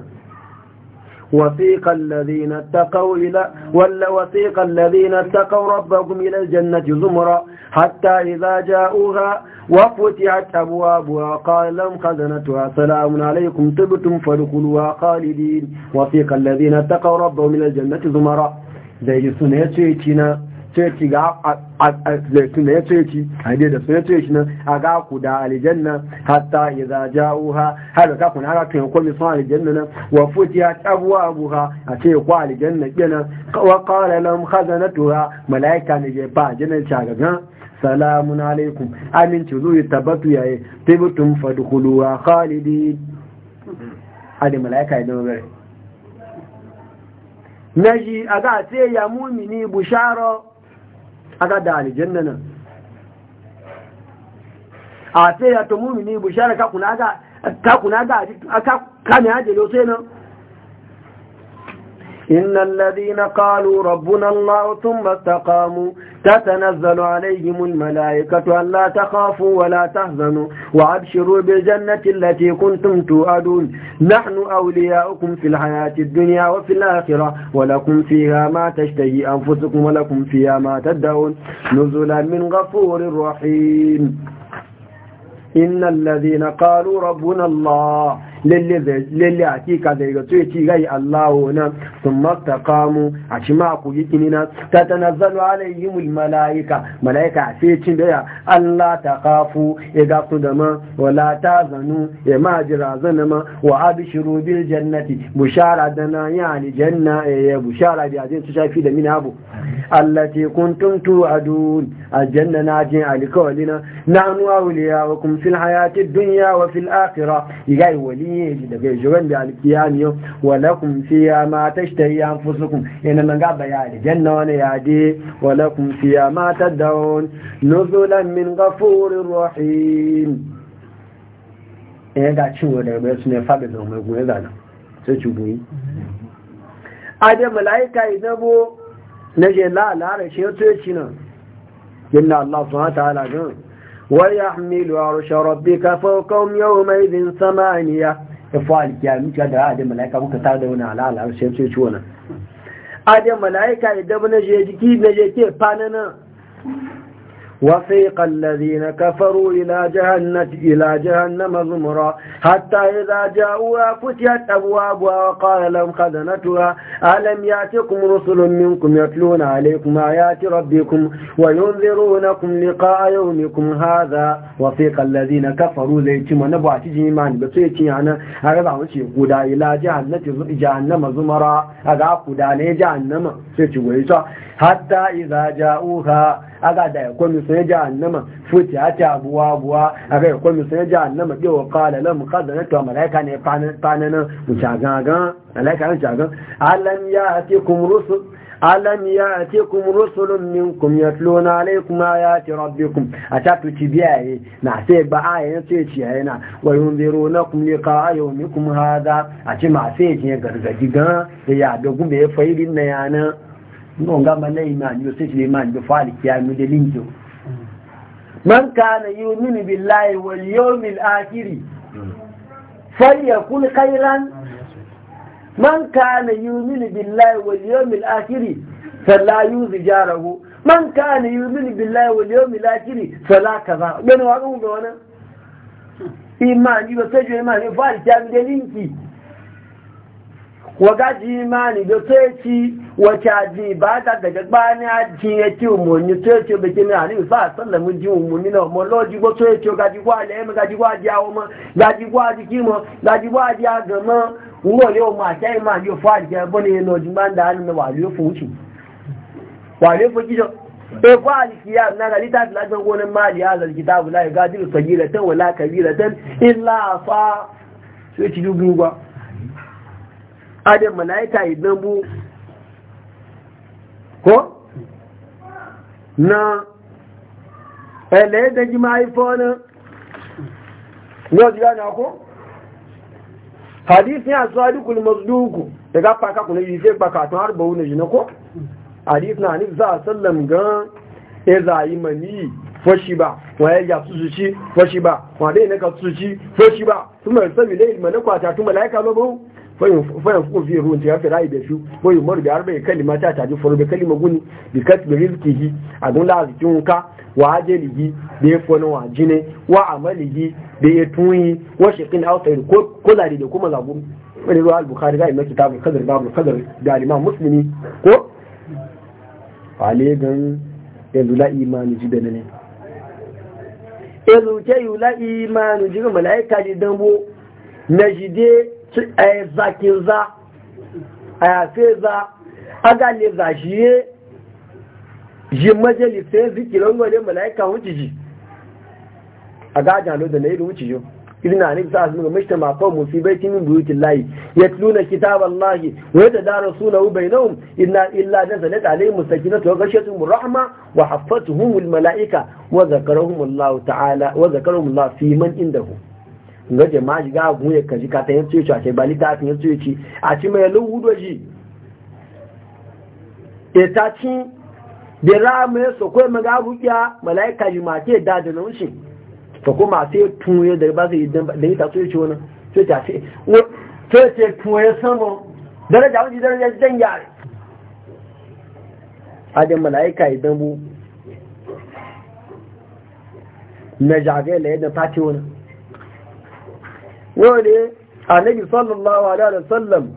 وثيق الذين اتقوا إلى ولا وثيق الذين اتقوا ربهم إلى الجنة زمرا حتى إذا جاءوها وفتحت أبوابها قال لهم خزنتها سلام عليكم طبتم فادخلوها خالدين وثيق الذين اتقوا ربهم إلى الجنة زمرا زي سنة sai ga zaitun da ya ce ci a da su ya ce shi nan a ga ku da aljanna hatta ya za ja'uha har da kafin ana tun ko sun aljanna nan wa tabuwa abu ha a ce ku aljanna kenan wa qala hazana tura malaika ne je ba jinin shagagan salamun alaikum aminci zuwa tabbatu yayi tibtum fadkhuluha khalidin adi malaika ya dawo gare naji ga sai ya mumini bushara aka da aljanna nan a sai ya to mumini bushara ka kuna ga a kuna ga ka kana hajjelo sai nan إن الذين قالوا ربنا الله ثم استقاموا تتنزل عليهم الملائكة أن لا تخافوا ولا تحزنوا وأبشروا بالجنة التي كنتم توعدون نحن أولياؤكم في الحياة الدنيا وفي الآخرة ولكم فيها ما تشتهي أنفسكم ولكم فيها ما تدعون نزلا من غفور رحيم إن الذين قالوا ربنا الله lele a kika zai ga tsoye ci gai allahu na sun masta kamu a ci ma ku yi kinina ta ta nazalu alayhimul mala'ika mala'ika a sai cin daya allah ta kafu ya ga da ma wala ta zanu ya ma jira zana ma wa abishiru bil jannati bushara da na yi aljanna ya bushara da ajin su shafi da mini abu allati kuntum A aljanna na jin alikawalina anuwa wuliya wa kum fil hayati dunya wa fil akhirah yi wali fiye da kai shugan da alkiyami wa lakum fiya ma tashtahi anfusukum ina nan ga bayani janna wani ya yade wa lakum fiya ma tadawun nuzulan min ghafurir rahim eh ga ciwo da su ne fa da mai goye zana sai ci cibuyi ade malaika idabo na je la la rashin to yaci nan inna allah subhanahu wa ta'ala gan ويحمل عرش ربك فوقهم يومئذ ثمانية ifwal kiyami ka da da malaika muka ta da wani alala sai sai ciwo nan a da malaika idan na je jiki na je ke fanana وسيق الذين كفروا إلى جهنم إلى جهنم زمرا حتى إذا جاءوها فتحت أبوابها وقال لهم خزنتها ألم يأتكم رسل منكم يتلون عليكم آيات ربكم وينذرونكم لقاء يومكم هذا وسيق الذين كفروا ليتم نبوة جيمان بسيتي أنا أربع وشي قدا إلى جهنم جهنم زمرا أقع قدا لجهنم سيتي ويسا حتى إذا جاءوها aga da ya kwami sai jahannama fuci a ta buwa buwa aga ya kwami sai jahannama ke wa kala lam na tuwa malaika ne fananan mucagangan malaika ne mucagan alam ya atikum rusul alam ya ya rusulun rabbi kuma a ayati biya atatu yi na sai ba a ayan sai ciyaye na zero na kuma yawmikum hadha a ci ma sai ke gargadi ga ya da gube faidin na yana nga mana imani yo sai imani da fali ya mu da linjo man kana yu'minu billahi wal yawmil akhir falyakul khairan man kana yu'minu billahi wal yawmil akhir fala yuzi man kana yu'minu billahi wal yawmil akhir fala kaza dan wa ga wannan imani ba sai imani fali ya mu da linki wagaji imani da tsoci wace aji ba ta daga gbani aji ya ce umarni tsoci da ke nuna nufi sa sallamin ji umarni na umarloji ko tsoci gaji kwa alayyama gaji kwa aji awoma gaji kwa aji kima gaji kwa aji agama ngo le o ma ta ima yo fa je bo ni no di manda an na wa le fu chi wa le fu kijo e fa al kiyam na galita la jan go ne ma li al kitab la e gadiru sagiratan wala kabiratan illa fa sai ci dubu gwa adam malaika idan bu ko na ele da jima iphone no jira na ko hadisi ya sadiqul mazduku daga faka kuma yi sai baka tun har bawo ne jina ko hadisi na za sallam ga e za yi mani fashi ba waye ya su ci fashi ba wade ne ka su ci fashi ba kuma sai ne malaka ta tu malaika ba fayin fuku fi ruwan ya fi ra'ayi da shi ko yi maru da harba ya kalima ta taji faru da kalima guni bi kasbi rizki hi a gun lazikin ka wa ajalihi da ya fona wa jine wa amalihi da ya tuni wa shekin outside ko zari da kuma zabu wani ruwa al-bukhari ga imam kitabul qadr babul qadr da al-imam muslimi ko ale gan yanzu la imani ji da ne yanzu ke yi la imani ji ga malaika ji dambo na jide Eh, zakin za a yafe za a gane za shi ye ji majalisai zikiran wani mala'ika wuce ji a da na yi da ga kitab wa inna illa nazalat na sakinatu wa ghashiyatuhum rahma wa haffatuhum almalaika wa dhakarahum allah ta'ala wa fi man nga jama'a ji ga gun ya kaji ka ta yin tsoci a ce bali ta yin tsoci a ci mai lu wudo ji e ta ci da rame so yi ma ga rukiya malaika yi ma ke da da wuce shi to kuma sai tun da ba sai idan da ita tsoci wannan sai ta ce sai ce tun ya samo daraja wani daraja dan yare adam malaika idan bu na jage la yadda fati wannan wani annabi sallallahu alaihi wasallam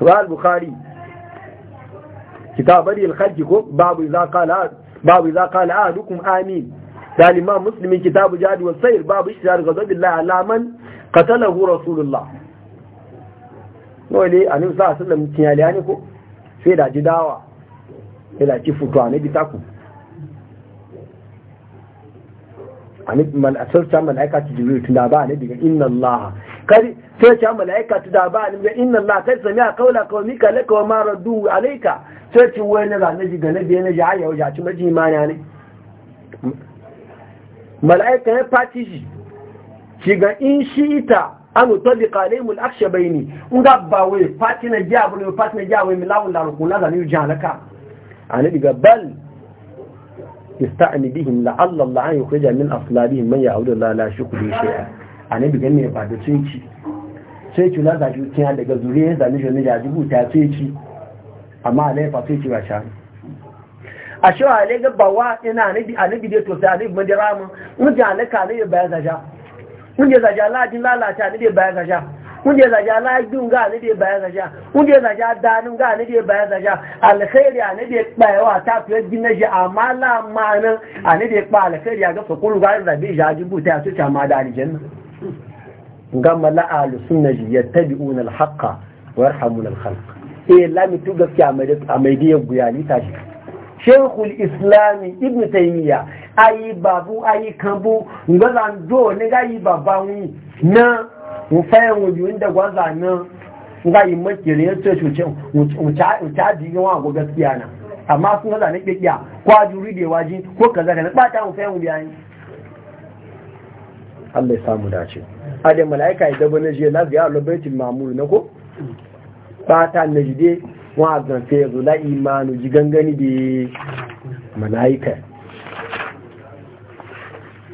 wa al-bukhari kitabari al khalqi ko babu idza qala babu idza qala ahadukum amin dalima muslimi kitabu jadi wa sayr babu ishtirar ghadabillah ala man qatalahu rasulullah wani annabi sallallahu alaihi wasallam tiyali ani ko sai da ji dawa sai da ci futu annabi taku man asarta malaika ta jibril tunda ba ne daga inna allah kai sai ta malaika ta da ba ne daga inna allah kai sami a kaula kawmi ka laka wa maradu alayka sai ci wani na zane ji ga nabi ne ya ya ya ci maji imani ne malaika ya fati shi shi ga in shi ita an utali qalaymu In ga ba we fati na jabu ne fati na jabu mi lawun la rukun la zani jalaka anabi daga bal yasta'ni bihim la'alla Allah an yukhrija min aslabihim man ya'budu Allah la yushriku bihi shay'a annabi ganne ba da cinci sai ki lada ji kin daga zuriyar da ni jonni da dubu ta sai amma alai fa sai ba a shi wa ga bawa ina annabi annabi dai to sai annabi madirama mun ja alaka ne bayan zaja mun ja zaja ladin lalata ne ya zaja kunje zaja lajin ga ne da bayan zaja kunje zaja danin ga ne da bayan zaja alkhairi ne da bayawa ta fiye gina ji amma la ma'anin a ne da ba alkhairi ga fakul ga zabi jaji buta su ta ma da aljanna gamma la ahlus sunna yattabi'una alhaqa wa yarhamuna alkhalq eh lamitu gaskiya a mai da yaguyali tashi shekul islami ibn taimiyya ayi babu ayi kambu ngaza ndo ne ga yi babanwu na fayan wajen inda gwaza nan nga yi makere ya ce cuce wucaji yin wa ga gaskiya na amma sun gaza na kyakkya ko a juri da yawaji ko kaza da na bata mu fayan wuya ne Allah ya samu dace adam malaika ya dabo na jiya lafiya a lobaitin mamuru na ko bata na jide wa zan ya zo la imanu ji gangani da malaika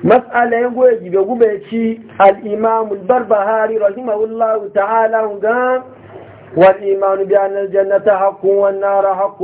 matsala ya yigi be gube ci al imam al barbahari rahimahullahu ta'ala ngam والإيمان بأن الجنة حق والنار حق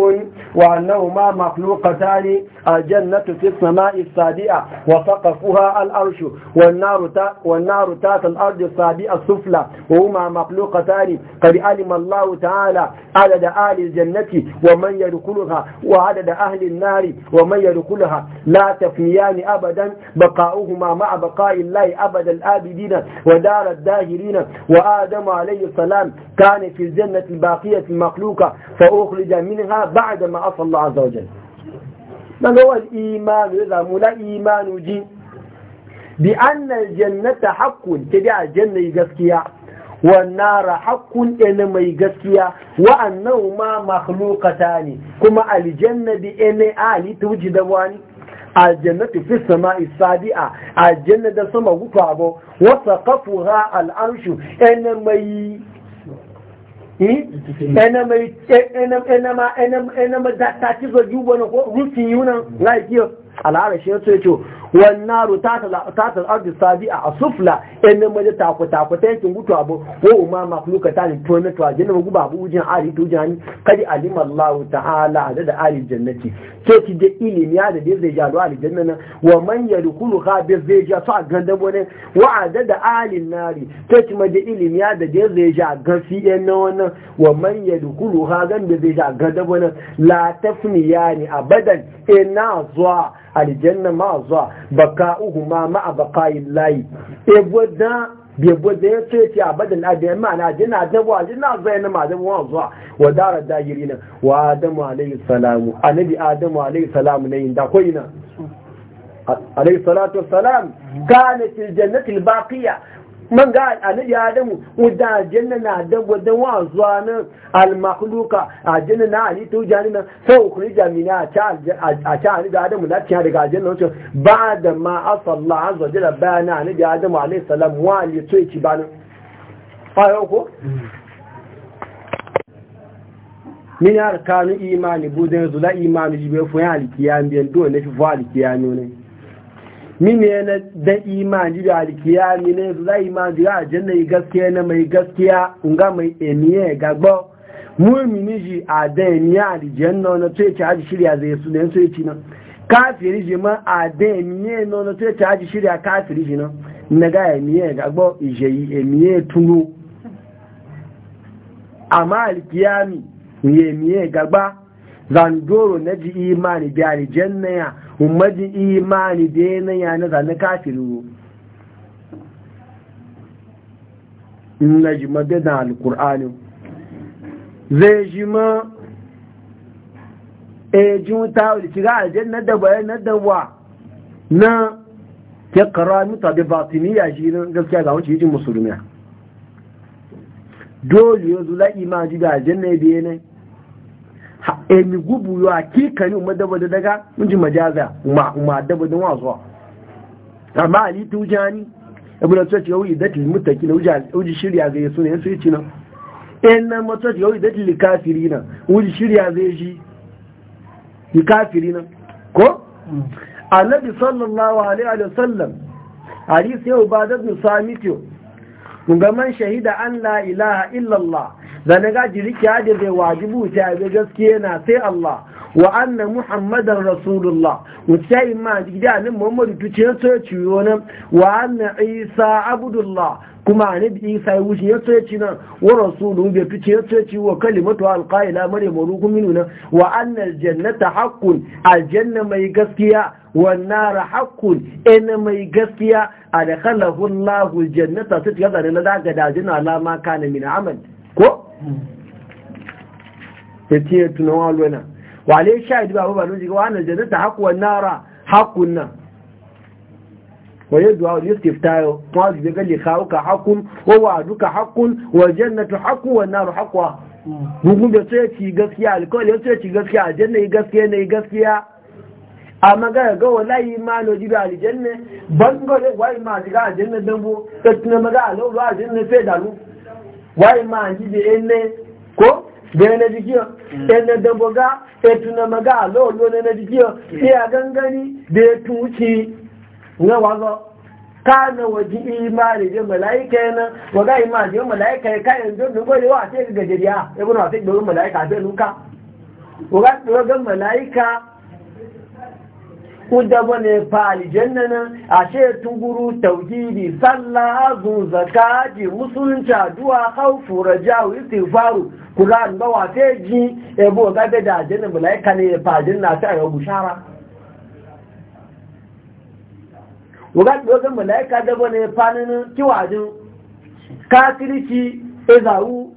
وأنهما مخلوقتان الجنة في السماء السادئة وسقفها الأرش والنار تا والنار تحت الأرض السادئة السفلى وهما مخلوقتان قد علم الله تعالى عدد أهل الجنة ومن يدخلها وعدد أهل النار ومن يدخلها لا تفنيان أبدا بقاؤهما مع بقاء الله أبدا الآبدين ودار الداهرين وآدم عليه السلام كان في الجنة الجنة الباقية المخلوقة فأخرج منها بعد ما أصل الله عز وجل ما هو الإيمان إذا ملا إيمان جي بأن الجنة حق تبع الجنة قسكية والنار حق إنما يقسكية وأنهما مخلوقتان كما الجنة بإن آلي توجد واني الجنة في السماء sabi'a الجنة دا sama gufa وثقفها الأرش إنما al'arshu ẹnama ẹnama ẹnama ẹnama ta ti sọ ju bọ ko rufin yi na nga yi al'ara shi yato yato wannan ru ta ta ardi sabi a sufla in nan maje taku taku ta yankin gutu abu wa umma makhluka ta ni to ne to ajin mu guba ujin ari to jani kadi alima Allah ta'ala da ali jannati ce ki da ilimi ya da zai ja ali jannana wa man yadkhulu khabi zai ja sa ganda bone wa adada ali nari ce ki maje ilimi ya da zai ja gafi en na wannan wa man yadkhulu ha ganda zai ja ganda bone la tafni yani abadan ina zuwa aljanna ma zuwa baka uhuma ma a baka illahi ebo dan bebo da ya ce ce a badal adiyar ma na jina dabo a jina zai na ma dabo wa wa dara dagiri na wa adamu alayhi salamu anabi adamu alayhi salamu na yin dakwai na alayhi salatu salam kana fil jannati al baqiya man ga annabi adamu uda janna na da gwadan wa zuwa nan al a janna na ali to jani nan sai ukuri jamina a ta ali da adamu na tiya daga janna wato ba da ma asalla azza jalla bayana annabi adamu alayhi salam wa ali to ci bana ayo ko min arkanu imani budan zula imani jibe fu ya alkiyami biyan dole ne fi fu alkiyami ne mini yana da imani da alkiya mini su za imani da aljanna yi gaskiya na mai gaskiya nga mai emiye ya gagbo mumini ji a da emiye aljanna na to yace haji shirya zai su da yansu yace na kafiri ji ma a da emiye na na to yace haji shirya kafiri ji na. na ga emiye ya gagbo ije yi emiye tuno amma alkiyami ya emiye gagba zandoro na ji imani da na ya kuma imani da yanayi ya na zane kafiru na ji madadan alkur'ani zai jima ma e ji wuta wulici ga aljan na daba na daba na ke kara mutu da batiniya shi nan gaskiya ga wuce yi musulmiya dole yanzu la'ima ji ga aljan na yi da emi gubu yo akika ni umma daba daga mun ji majaza umma umma daba da wazo amma ali tujani ibn al-sayyid yawi datil muttaqina uja uji shirya zai sunan yasu yace nan inna mutat yawi datil kafirina uji shirya zai shi ni kafirina ko mm. annabi sallallahu alaihi wa sallam hadisi yau ba da samitiyo kun ga man shahida an la ilaha illallah zane ga jiriki da zai wajibu ta ga gaskiya na sai Allah wa anna muhammadan rasulullah wuce ma gida nan muhammadu tuce ya soya ciwo nan wa anna isa abdullah kuma ne bi isa ya wuce ya soya ci nan wa rasulun bai tuce ya soya ciwo kalimatu alqaila mare maruku minu nan wa anna aljannata haqqun aljanna mai gaskiya wannan haƙƙun ina mai gaskiya a da jannata su ta yadda na daga dajina min amal ko ya ce tunawa lona wale shahidu ba ba nuji wa na jannata wa nara hakun nan waye duwa wajen istiftayo kuma su daga gali ka hakun wa duka hakun wa jannatu haku wa naru hakuwa hukun da sai ci gaskiya alkawali sai ci gaskiya a yi gaskiya na yi gaskiya a magana ga wallahi ma no jibi aljanna ban gore wai ma a aljanna dambo sai tuna maga a lauwa aljanna sai dalu wai ma an jije ene ko da na jikiyo ene mm. da etu na maga alo lo mm. na e na jikiyo iya gangani da ya tuci na wazo kana waji imani da malaika yana waga imani da malaika ya kayan don nugo yawa sai ga gajeriya ibn rafiq da malaika sai nuka waga ga malaika kuda bane fali jannana ashe tunguru tauhidi salla azun zakati musulunci addu'a khawfu raja'u istighfaru qur'an ba wa feji ebo gabe da janna malaika ne fa janna ta ga bushara wuga dogon malaika da bane fanin kiwajin kafirci ezawu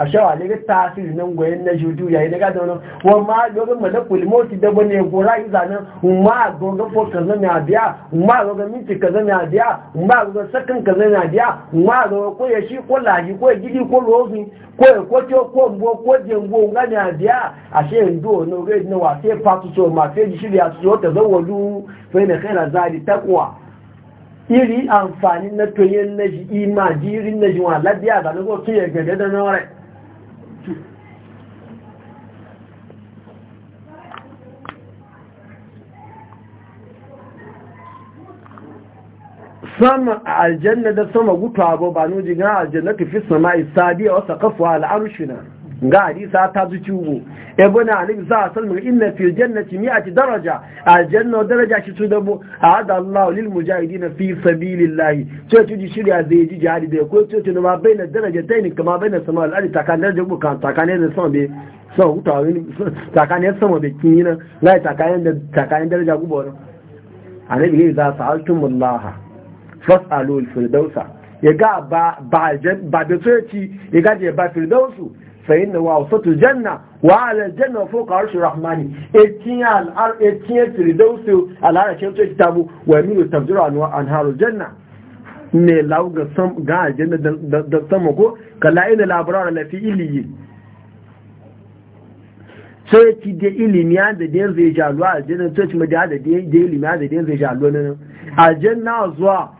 a shawa ne ga tasiri nan goyen na judu yayi daga da wani wa ma dogon malakul moti da bane gora iza nan ma dogon fo kaza ne adiya ma dogon minti kaza ne adiya ma dogon sakan kaza ne adiya ma dogon ko yashi ko lahi ko gidi ko rofi ko ko to ko mbo ko jengo nga ne adiya a she ndo no ga ne wa sai fatu so ma sai ji shirya so ta zawalu fa ne khaira zali taqwa iri amfani na toyen na ji ima jirin na ji wa labiya da na go kiyaye gaga da na ware sama a aljanna da sama gutu abu ba nuji ga aljanna ta fi sama isabi a wasa kafuwa al'arushina ga hadisa ta zuci ugu ebe na alif za a salmar inna fi jannati mi'ati daraja aljanna daraja shi su dabo a hada Allah lil mujahidina fi lahi. ce tuji shirya zai ji jihadi da ko ce tuna ma na daraja ta yi ne kama na sama al'ari takan daraja ku kan takan da sama be sama hutawin takan sama be kinina lai takan da takan daraja ku na annabi za sa altumullah fasalul firdausa ya ga ba da tsoci ya ya ba firdausu sayin na wa wasatul janna wa alal janna fawqa arshi rahmani etin al ar etin firdausu ala arshi ta tabu wa minu tabdura anwa anharul janna ne lau ga aljanna da sama ko la'i da labarar da fi iliyi sai da ilimi da da zai jalu aljanna sai ci ma da da ya da da zai jalu nan aljanna zuwa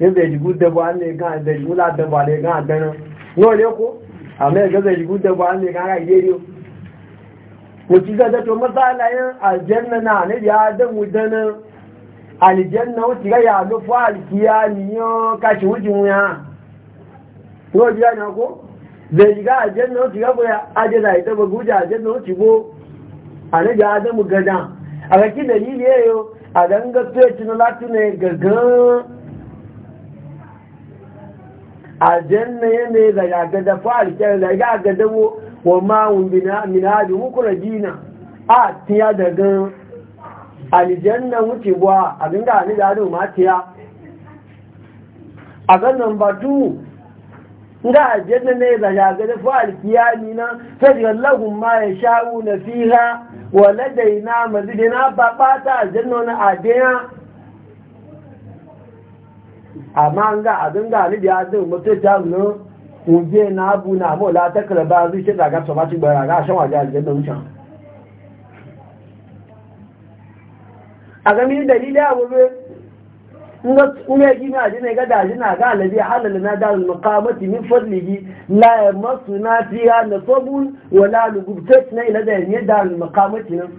yin zai jigu dabuwa ne gan zai jigu ya zai ne aljanna na ne ga ya lo fa alkiyani yo ka shi wuti mu ya no ji na ko zai jiga aljanna wuci ga boya aje da ita ba guja aljanna wuci bo ane ya dan mu a ga ki dalili yayo a danga tuye cin latu ne gagan aljanna yana daga da fa'al kyar daga da wo wa ma'un minadi mukura dina a tiya daga aljanna wuce buwa abin da ni da ma tiya a ganin batu ga aljanna ne daga gada fa'al kiyami na fajiyar lahun ma ya sha'u na fiha wa ladaina mazidina ba ba ta aljanna wani adina amma an ga abin ga ni biya zai mutu ta zo kuje na abu na mu la ta karba zai ce daga to ci gbara ga shan waje da wucin a ga mi dalili a wuri nga kuma yi ma ajina ga da na ga alabi halal na da muqamati min fadlihi la yamasuna fiha nasabun wala na ila da ne da muqamati nan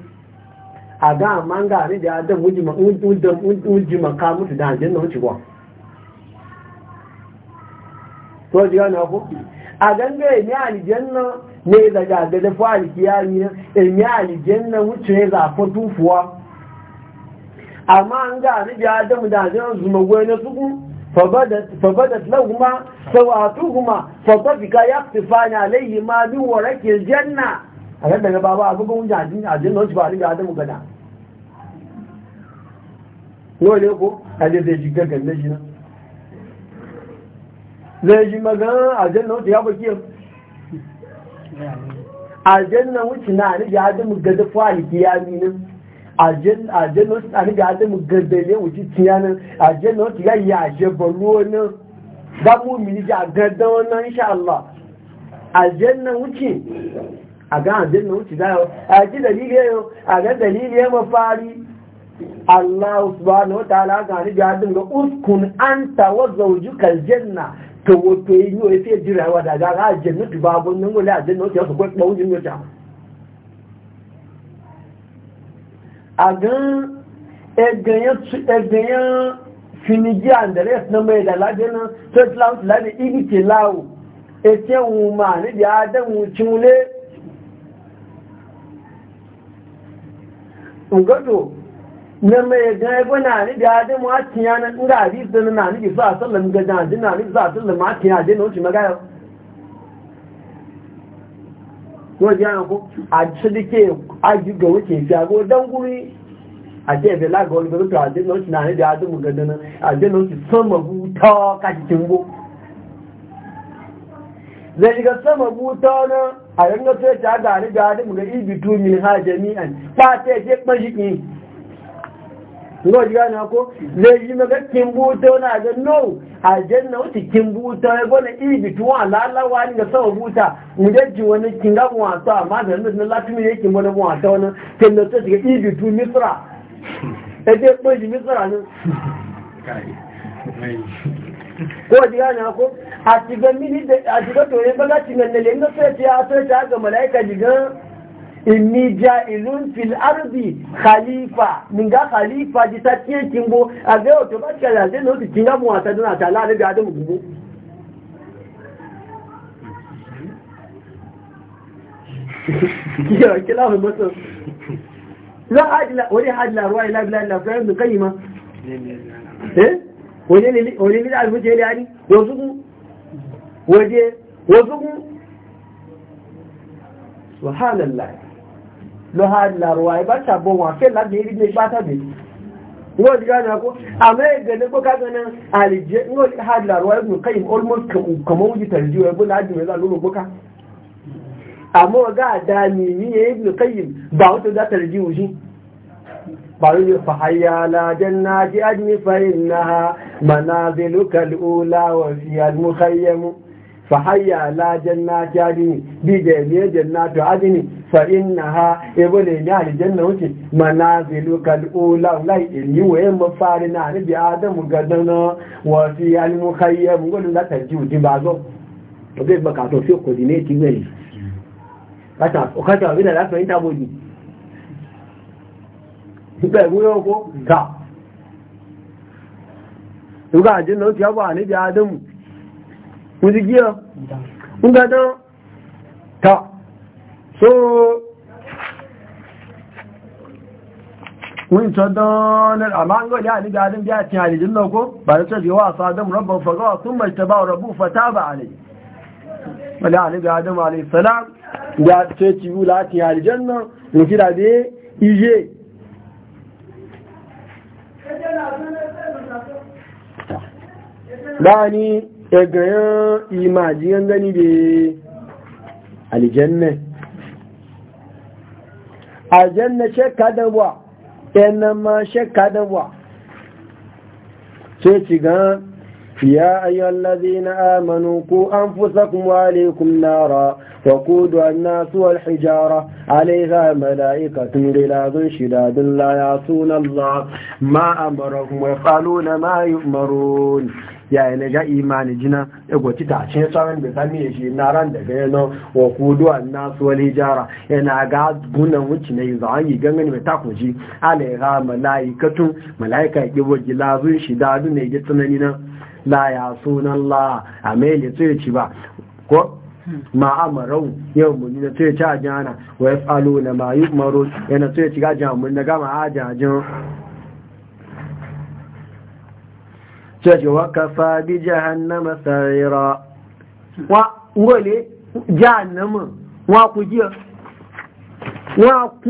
a ga manga ni da adam wuji ma wuji makamutu da aljanna wucin to ji wani hukuki a ganga ya miya alijen nan ne ya zaga da dafa alkiyari nan ya miya alijen nan wuce ya zafa tufuwa amma an ga a rubi adamu da zan zuma gwai na suku fabadat na kuma sawatu kuma fabafika ya fi fani alayhi ma bi warake janna a ganda na baba abubuwan wunje a jini a jini na wuce ba a rubi adamu gada ne ko a jirgin gaggan na shi nan zai ji magana aljanna wuce ya bakiyar aljanna wuce na ani ga adamu gada faliki ya minin aljanna wuce ani ga adamu gada ne wuce tiyanin aljanna wuce ya yi baro wani ba mu mini a gada wannan insha Allah aljanna wuce a ga aljanna wuce za yau a ji yau a ga dalili ya mafari Allah subhanahu wa ta'ala ga ni ga adamu ga uskun anta wa zawjuka aljanna to wato yi yau ya fiye jirawa da gaga a jannatu babu nan wale a jannatu ya su kwai ɓawun jin yota a gan ẹgbẹ̀yẹn finigi andres na mai da labinan church lounge labi ibi ke lawo ete wọn ma níbi adẹ́wọ̀n cínlẹ̀ ǹgọ́dọ̀ na mai gaibu na ni da ya yadda mu hakin yanar inda hadisi na ni bi sa sallan ga jajin na ni sa sallam hakin yadda na wuce magaya ko ji yana ko a ci dike aji ga wuce shago don guri a ce bai laga wani gari to a jin wuce na ni da yadda mu gada nan a jin wuce sama buta kashin go zai shiga sama buta na a yanga sai ta ga ni da yadda mu ga ibitu min ha jami'an ba ta ce kuma shi ne ngo jiga na ko le yi maga kimbu to na ga no aljanna wuti kimbu to ya gona ibi tuwa lala wani ga sawa buta mu daji wani kinga mu wato amma da nan latimi yake mu na mu wato wani kinga to ga ibi tu misra e de ko ji misra ne ko jiga na ko a tiga mini da a tiga to ba ga tiga ne le ngo sai a sai ta ga malaika jiga inni ja'ilun fil ardi khalifa ninga khalifa ji ta ce kingo a ga to ba ka da no ti kinga mu ta duna ta la da adamu gugu kiyo kila mu mutu la ajla wani hajla ruwa ila bila ila fa ibn qayyima eh wani ne wani ne da alfuje ne ani waje wazugu subhanallah ló ha a àìbá ṣàbọ̀ wọn àfẹ́ láti rí ní ipá tàbí wọ́n ti gánà kó àmọ́ ẹgbẹ̀ ní kó ní wọ́n ha nàrọ̀ ẹgbùn káyìm almost kàmọ́ wújì tàríjú ẹgbẹ́ láti rẹ̀ lọ́rọ̀ gbọ́ká àmọ́ ọ̀gá àdáni ní ẹgbùn káyìm bá ó tó dá tàríjú wùjí قالوا فحيا جنات أجن فإنها منازلك الأولى وفيها المخيم فهيا لا جنات عدن بجميع جنات عدن فإنها إبن نال جنة وشي منازلك الأولى لا يليو إما فارنا نبي آدم قدنا وفي المخيم قل لا تجيو جبازو وكيف بكاتو في قدينيتي مني kata abin da za su yi taboji suka yi goyon ko ta suka ajin na wuce yabo a nabi adamu wuzi giya inda don ta so wani tsaddonar amma an gwaje a liga adin biya cin halijin lauko ba da tsaji wa sadam rabban fagawa sun mai ta ba rabu fata ba a nai wadda a liga adin alaihissalam ya ce ci latin halijin nan da ije ba ni egayen imajiyan gani da aljanna aljanna shekka da buwa yanan ma shekka da buwa sai ci gan ya ayyuan na amanu ku an fusa kuma alaikum nara وقودها mala'ika tun عليها ملائكة غلاظ شداد لا يعصون الله ما أمرهم ويفعلون ما ya yi ga imani jina ya gwaci ta ce tsawon da sami ya shi na ran daga yana wa kuduwa na wani jara yana ga gunan wuce na yi zawon yi gangan mai takoji ga mala'ikatu, mala'ika ya gila zuwa shi adu ne ya tsanani na la ya sunan la a mai tsaye ci ba ko ma yau muni na tsaye ci a jana wa ya tsalo na ma yi umaru yana tsaye ci ga muni na gama a jajin sai wa kafa bi jahannama sarira wa ngole jahannama wa ku jiya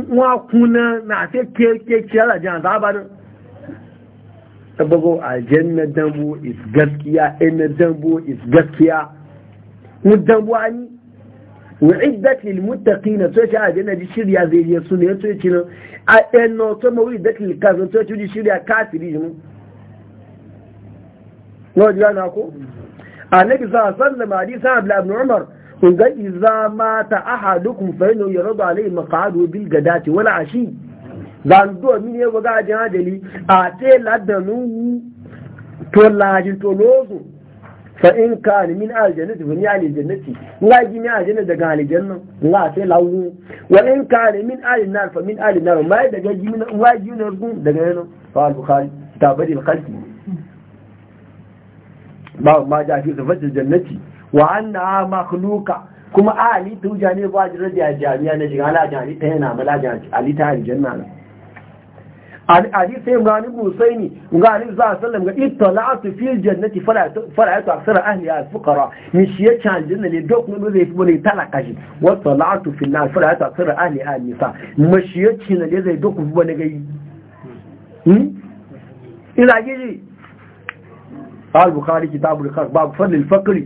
wa kuna na sai ke ke ciyar da azabarin tabago aljanna dambo is gaskiya is gaskiya mu للمتقين دي شريا زي دي شريا nawa ji gane ko annabi sa sallam hadisa abla ibn umar in ga iza mata ahadukum fa inna yaradu alayhi maq'adu bil gada gadati wal Za a do min ye ga ajin hadali a te ladanu to lajin to lozu fa in ka kana min aljannati fa min aljannati nga ji min aljanna daga aljanna nga sai lawu wa in ka kana min alnar fa min alnar ma daga ji min nga ji min daga nan fa al-bukhari tabari al-khalqi ba ma ja fi sifatin jannati wa anna makhluqa kuma Ali tu jani ba jira da jami'a na shiga alajin ta yana ali ta aljanna Ali hadisi imran ibn husaini ga ali za sallam ga ittala'tu fil jannati fara aksara ahliha al-fuqara mishi ya canji ne le dok mun zai fi talaka shi wa tala'tu fil nar fara'atu aksara ahliha an-nisa mishi ya canji ne zai dok mun ne gai hmm? ila gidi قال بخاري كتاب الرقاق باب فضل الفقر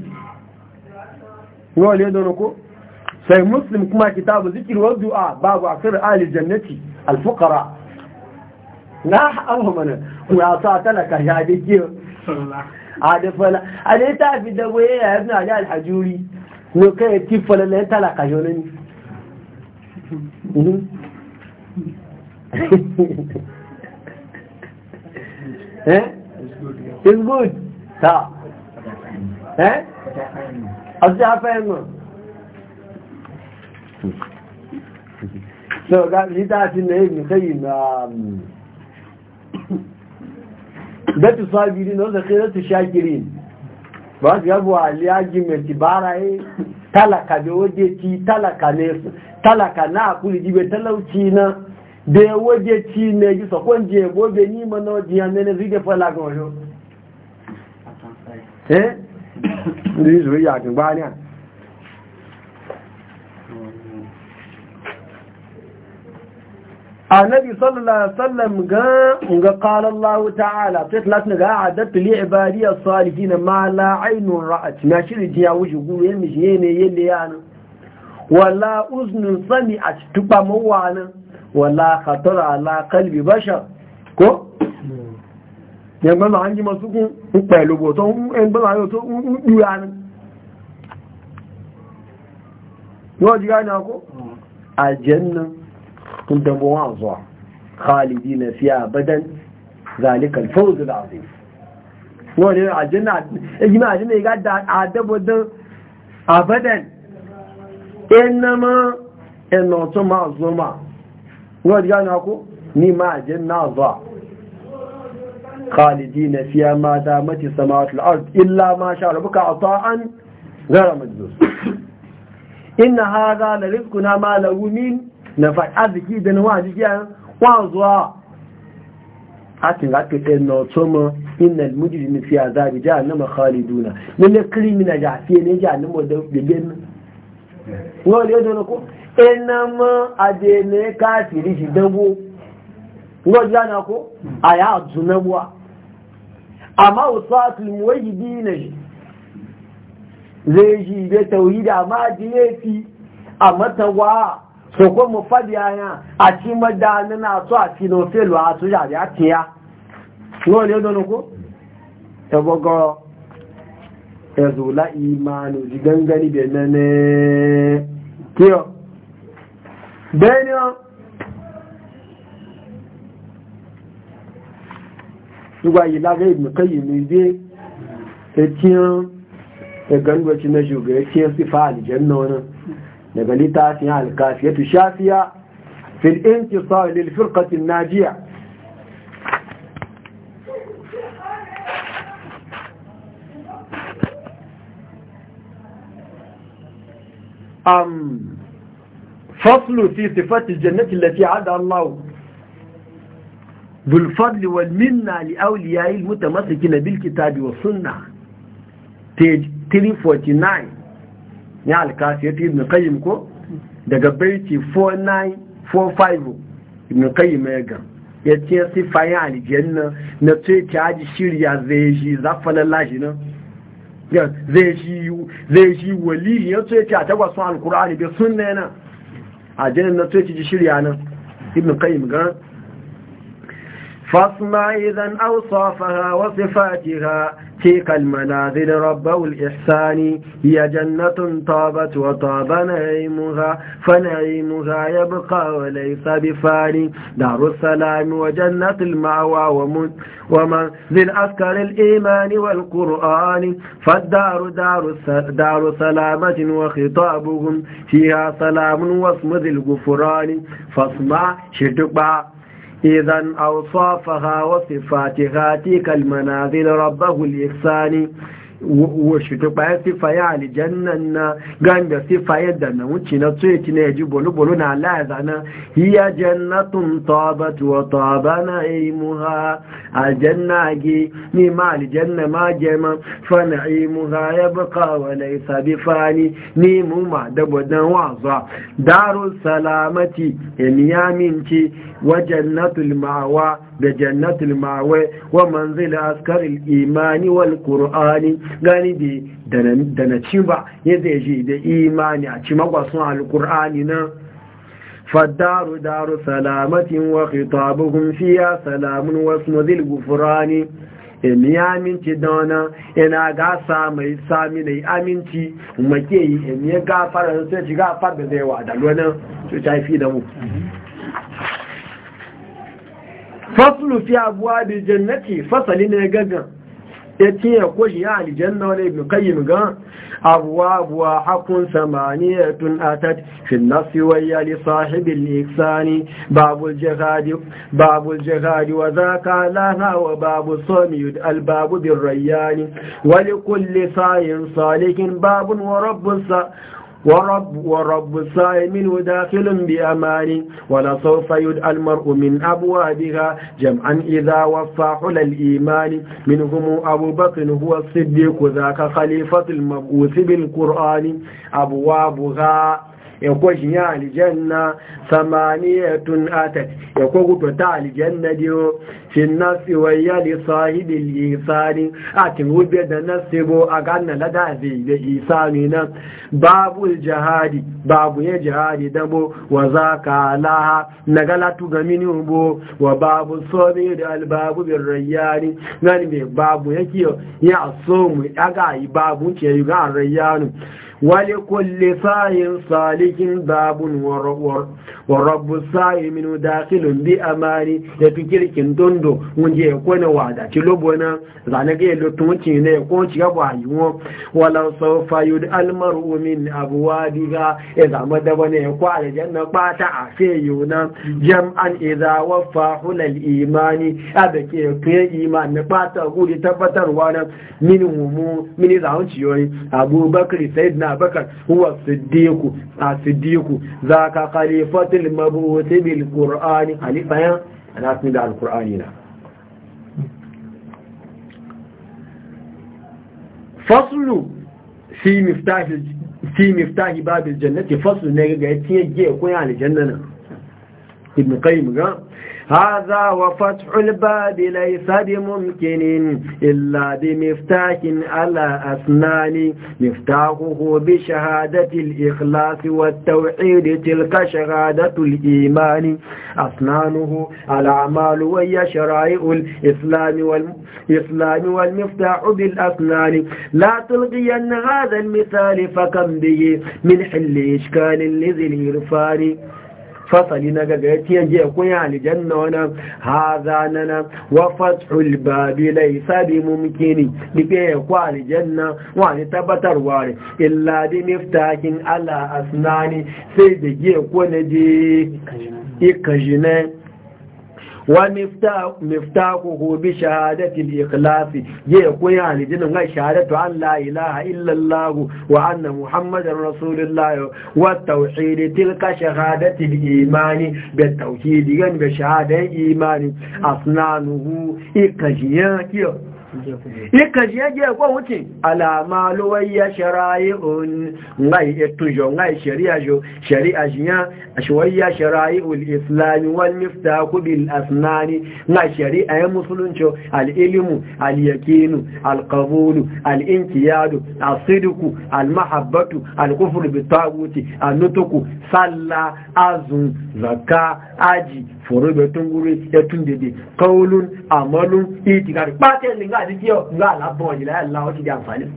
يقول يدون كو سي مسلم كما كتاب ذكر والدعاء باب عصر آل الجنة الفقراء لا أهم أنا ويعطى تلك يا كيف هذا فلا هذا تعرف دوية يا ابن عجاء الحجوري وكي كيف فلا لا تلك جنني It's good. ta eh azu afẹ́nu so ga lita ti na ibn qayyim um shakirin ba ga bu me e talaka ti talaka ne talaka na kuli talauci na be waje ti ne ji so ni mano diya ne ne gojo eh ndi zuriya gaba ne annabi sallallahu alaihi wasallam ga ga qala Allah ta'ala sai latin ga adat li ibadiy salihin ma la aynun na shirin jiya ya wuji yin mishi yene yele yana wala uznun sami'at tuba nan wala khatara ala kalbi bashar ko yẹngbọ́n náà ń jí mọ́ súnkún ń pẹ̀lú tó ẹgbọ́n náà yóò tó ń dúra ní yóò jíra ní ọkọ́ aljanna tún dabo wọn wọ́n ni aljanna ejima aljanna ya gada adabo don zuwa ma ma zuwa khalidina fiya ma damati samawati al-ard illa ma sha rabbuka ata'an ghayra majzuz inna hadha la rizquna ma lahu min nafa aziki da nawa jiki wa zuwa hatin ga ke no tomo inna al-mujrimi fi azabi jahannama khaliduna min al-krimina ja fi ne jahannama da bibin wo le do ko enama adene kafiri shi amma wasu muwahidi ne zai shi bai tauhidi amma fi a matawa so ko mu fadi aya a ci madana na so a ci no felu a so ya ya tiya no le do no ko e bogo e zula imanu gangani be nane kiyo benyo nígbà yìí lára ìgbìnkẹ́ yìí ní ilé ẹtíyàn ẹgbẹ̀rúnwẹ̀tí mẹ́ṣù gẹ̀ẹ́ tí ó sì fa àlìjẹ́ náà náà nàgbàlítà sí àlìkàfí ẹtù ṣáfíà fìlẹ́ǹtì sọ ilé ìfìrkàtì nàíjíríà فصل في صفات الجنة التي عدا الله بالفضل والمنة لأولياء المتمسكين بالكتاب والسنة page 349 ya alkasiyar ibn kayyim ko daga baiti 4945 ibn kayyim ya ga ya ce sifayen aljanna na ce caji shirya zai shi zafalar lashi nan zai shi wali ya ce ce a tagwason alkur'ani bai sunna yana aljanna na ce ji shirya nan ibn kayyim gan فاصنع إذا أوصافها وصفاتها تلك المنازل ربو الإحسان هي جنة طابت وطاب نعيمها فنعيمها يبقى وليس بفاني دار السلام وجنة المأوى ومنزل أذكر الإيمان والقرآن فالدار دار, دار سلامة وخطابهم فيها سلام واسم ذي الغفران فاصنع شتبع إذا أوصافها وصفاتها تلك المنازل ربه الإحسان washi to bayan sifa ya alijannan na ganda sifa yadda na wuce na tsoye ci na yaji bolo-bolo na Allah na hiya jannatun tabat wa tabana imuha aljanna ge ni ma alijanna ma jema fa na'imuha ya baka wa laisa bi fani ni mu ma da bodan wazwa daru salamati emiyamin ci wa jannatul ma'awa da jannatul ma'awa wa manzil askaril imani wal qur'ani gani bi da na ci ba yadda ya ji da imani a ci magwasun alkur'ani nan daru salamatin wa khitabuhum fiya salamun wasu ذي الغفران in ya aminci da wani ina gasa mai sami na yi aminci make yi in ya gafara da sai ci gafar da zai wa da wani ta fi da mu fasulu fi abuwa jannati fasali ne gagan yace ya kwashi ya aljanna wani ibn qayyim ga abwa abwa hakun samaniyatun atat fi nafsi wa li sahibi al-ihsan babu al-jihad babu al-jihad wa laha wa babu sawmi yud albabu bin bir wani wa li kulli sa'in salikin babun wa ورب ورب صائم وداخل بأمان ولسوف يدعى المرء من أبوابها جمعا إذا وفى حلى الإيمان منهم أبو بكر هو الصديق ذاك خليفة المبعوث بالقرآن أبوابها ẹ̀kọ́ ṣìyàn àlìjẹ́nà samaniyatun atat ẹ̀kọ́ gútò tá àlìjẹ́nà dí ó fi násí wáyá lè sáhìdì ìsáni da nasi da násí bó agánà ládàáfì da ìsáni na. babu jihadi babu yẹ jihadi da bo za ka láha na galatu ga mini ubo wa babu sọ́bí da albabu bin rayyani gani mai babu yake ya so mu aga yi babu ce yi ga ولكل صاي صالح باب ورب الصاي من داخل بأماني يتكير كنتندو ونجي يكون وعدا تلوبونا زانك يلوتونتي يكون تيابو عيو ولو سوف يدعى المرء من أبوابها إذا مدبنا يكون على جنة باتا عفيونا جمعا إذا وفى للإيمان أبكي يكون إيمان باتا قولي تفتر وانا من همو من إذا أنت يوري أبو بكر سيدنا abakar huwa siddiku a siddiku za ka khalifatul mabuti bil qur'ani khalifayan alasmi da Alƙur'ani na faslu fi miftahi babin jannati faslu ne ga yace ge ko ya aljanna ibn mu ga هذا وفتح الباب ليس بممكن إلا بمفتاح على أسنان مفتاحه بشهادة الإخلاص والتوحيد تلك شهادة الإيمان أسنانه الأعمال وهي شرائع الإسلام والإسلام والمفتاح بالأسنان لا تلغين هذا المثال فكم به من حل إشكال لذي الإرفان fasali na gaga ya tiyan je kun ya aljanna wana hadha nana wa fathul babi laysa mumkini ya aljanna wani tabbatar wari illa bi miftahin ala asnani sai da je ko ne je wa miftahu bi shahadati al-ikhlasi ya koyi alijin ga shahadatu an la ilaha illa Allah wa anna muhammadar rasulullah wa tawhid tilka shahadati al-imani bi tawhid gan bi shahadati imani asnanuhu ikajiyan kiyo ikaji yaje kwa wuce alama luwayya shara'i'un ngai jo ngai sharia jo sharia jinya ashwayya shara'i'ul islam wal miftahu bil asnan ngai sharia ya musulunci al ilmu al yaqinu al qabul al intiyadu al sidqu al mahabbatu al kufru bit taguti al nutuku salla azun zakka aji furu betunguri etundede qawlun amalun itikari patel ngai àdíkíọ̀ ńlá àlábọ̀ ìlà ẹ̀lá ó ti di àǹfààní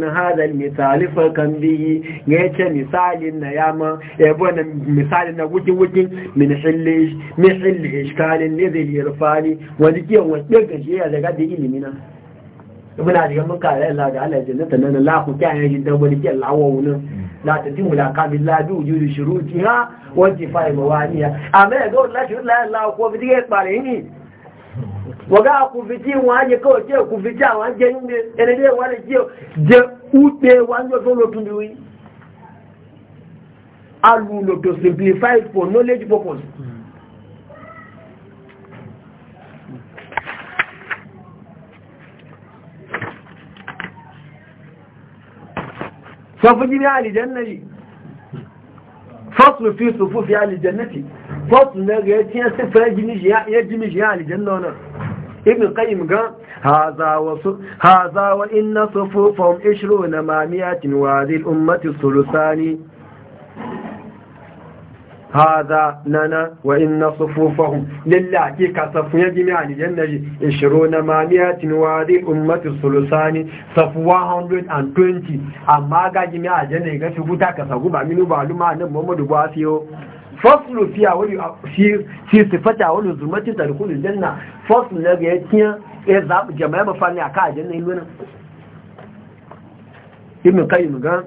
na hada misali fakan biyi ga yace misalin na yama yabo na misalin na wukin wukin min hillish min hillish kalin ne zai wani kiyon wasu ɗin ya daga da ilimina muna jigan muka da Allah ga Allah ya jannata nan la ku ta yayin da wani ke lawo wani la ta timu la kabil la du ju shurutiha wa jifai mawaniya amma ga Allah shi la Allah ko bi diga pare ni waga ku fiti wa je ko je ku fiti wa je ni ene de wa je je ute wa njo so lo tun bi alu lo to simplify for knowledge purpose صف جميع أهل الجنة دي. فصل في صفوف أهل الجنة فصل نغيتين سفر جميع أهل الجنة هنا ابن القيم قال هذا وص... هذا وإن صفوفهم عشرون مع مئة وهذه الأمة الثلثاني هذا لنا وإن صفوفهم لله كي كصف يجمع الجنة عشرون مائة وهذه أمة الثلثان صفوة 120 أما جميع الجنة كتبوتا كصفوة من معلومة أن محمد بواسيو فصل فيها ولي في في صفتها ولي ظلمتي تدخل الجنة فصل لغا يتيا إذا جماعة مفاني أكا الجنة إلونا إبن قيم قام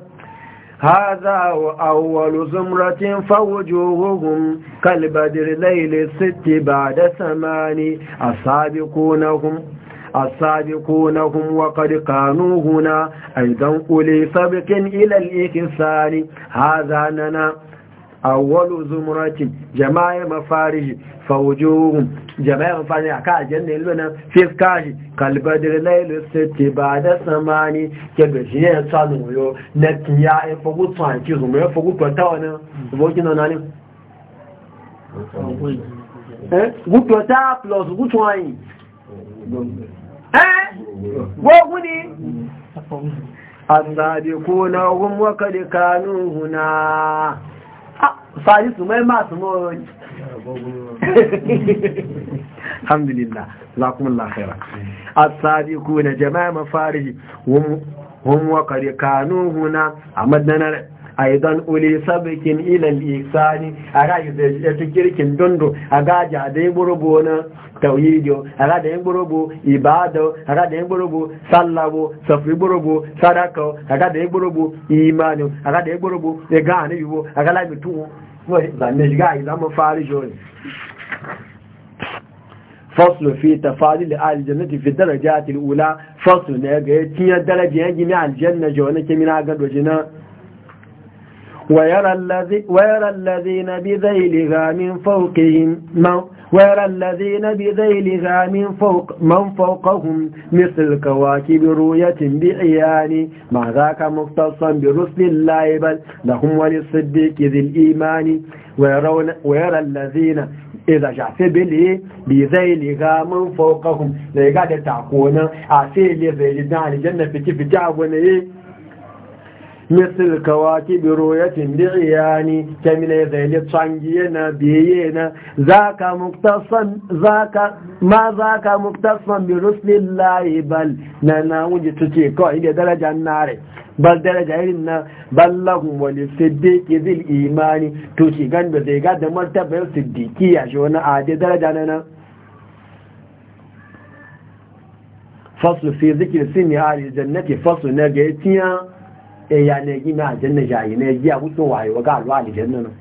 هذا أول زمرة فوجوههم كالبدر ليل الست بعد ثماني أصابقونهم السابقونهم وقد قانوا هنا أيضا أولي سبق إلى الإكسان هذا ننا awwalu zumratin jama'a mafarij fawjuhum jama'a mafarij aka aljanna illo nan fiskashi kalbadir lailu sitti ba da samani ke shi ne tsanu yo na tiya e fogu tsan zuma e fogu kwata wannan boki nan nan eh plus gutu wani eh gogu ni الصادقون هم وقد كانوا هنا su mai masu mawani alhamdulillah lakumullah khaira ku na jama'a mafarihi hum wa kanu huna madanar aidan uli sabikin ilal isani a ga yi da ta kirkin dundu a ga ja da yi burubu na tauhidiyo a ga da yi ibado a ga da yi burubu sallabo safi burubu sadaka a ga da yi imanu a ga da yi ya ga hannu yiwu a ga lami tuwo zanne shiga a yi zama fari jori fi في da اهل الجنه في الدرجات ula فصل ne ga yakin darajar gini aljanna jona kemina gado jina ويرى, الذي ويرى الذين بذيلها من فوقهم من ويرى الذين بذيلها من فوق من فوقهم مثل كواكب رؤية بعيان مع ذاك مختصا برسل الله بل لهم وللصديق ذي الإيمان ويرون ويرى الذين إذا شعفي بلي بذيلها من فوقهم لقد تعقونا أعسي لذيلنا عن الجنة في كيف تعبون إيه مثل كواكب رؤية بعيان كمن ذيل تشانجينا بيينا ذاك مقتصا ذاك ما ذاك مقتصا برسل الله بل نانا وجه تشي كوي درجة النار bal daraja irin na ballahun wani siddiki zil imani to shi gan da zai gada martabar siddiki ya shi wani ade daraja na nan fasu fi zikir sin ya jannati fasu na gaitiya e ya ne gina aljanna jayi ne giya kuke waye waga ga alwa aljanna nan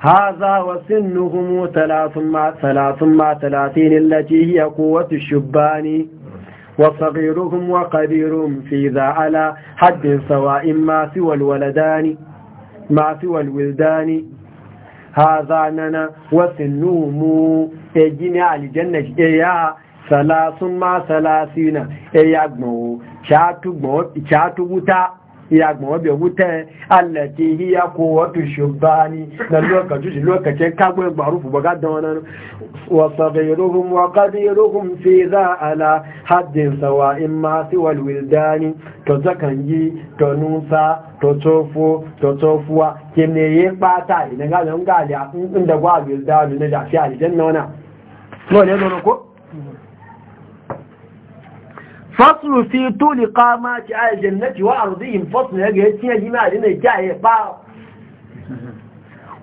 هذا وسنهم ثلاث مع ثلاث مع ثلاثين التي هي قوة الشبان وصغيرهم وقبيرهم في ذا على حد سواء ما سوى الولدان ما سوى الولدان هذا ننا وسنهم اجنا الجنة اياها salasun ma salasina ya gbọ̀nwó ṣàtúgbúta ya wútẹ́ alẹ́kì híyà wọ́tù ṣùgbá ní na lókàtúṣì lókàtẹ́ kágbọ́ ìgbàrúfù bọ̀gá dánwọ́n وصغيرهم وقديرهم a ذا على حد سواء ما سوى الولدان تزكنجي تنوسا tọ̀tọ̀fọ́ tọ̀tọ̀fọ́wá kí ni yí sí àlìjẹ́ náà faslu fi tuli qama ci a jannati wa ardihim faslu yaga yace ya jima din ne jaye ba